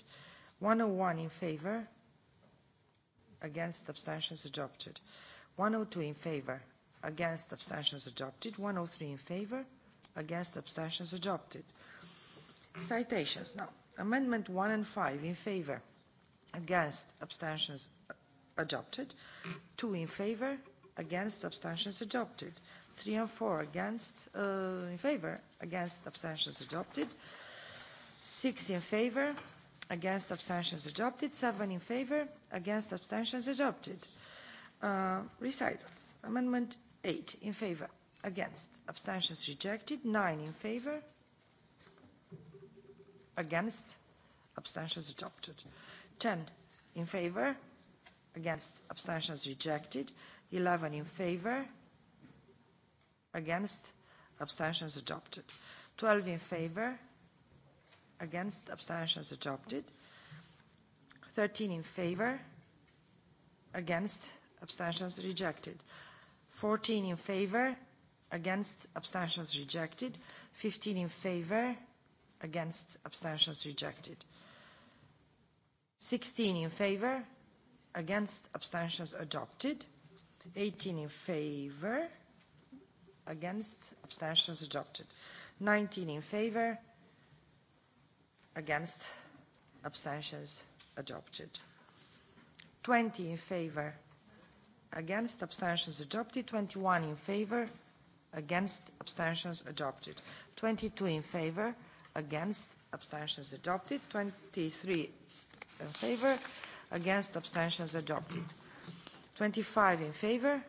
101 in favor, against abstentions adopted. 102 in favor, against abstentions adopted. 103 in favor, against abstentions adopted. Citations. Now, Amendment 1 and 5 in favor, against abstentions adopted. 2 in favor, against abstentions adopted. 3 and 4 against, uh, in favor, against abstentions adopted. 6 in favor, against abstentions adopted. Seven in favor, against abstentions adopted. Uh, recitals. Amendment eight in favor, against abstentions rejected. Nine in favor, against abstentions adopted. Ten in favor, against abstentions rejected. Eleven in favor, against abstentions adopted. Twelve in favor, against against, abstentions adopted. 13 in favor, against, abstentions rejected. 14 in favor, against, abstentions rejected. 15 in favor, against, abstentions rejected. 16 in favor, against, abstentions adopted. 18 in favor, against, abstentions adopted. 19 in favor, against abstentions adopted 20 in favor against abstentions adopted 21 in favor against abstentions adopted 22 in favor against abstentions adopted 23 in favor against abstentions adopted 25 in favor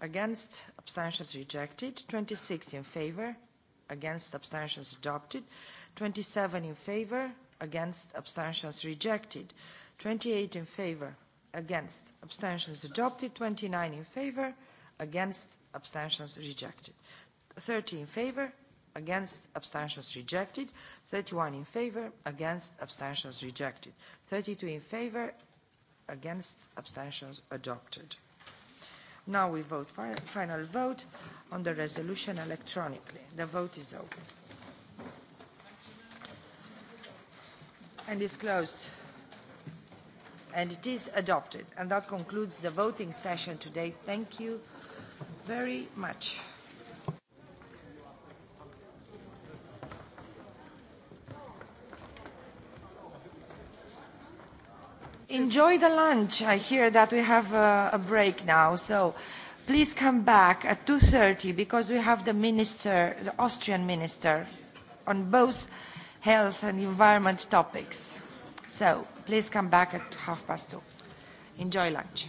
against abstentions rejected 26 in favor against abstentions adopted 27 in favor, against, abstentions rejected. 28 in favor, against, abstentions adopted. 29 in favor, against, abstentions rejected. 30 in favor, against, abstentions rejected. 31 in favor, against, abstentions rejected. 32 in favor, against, abstentions adopted. Now we vote fi final vote on the resolution electronically. The vote is open. and is closed. And it is adopted. And that concludes the voting session today. Thank you very much. Enjoy the lunch. I hear that we have a, a break now. So please come back at 2.30 because we have the minister, the Austrian minister, on both health and environment topics. So please come back at half past two. Enjoy lunch.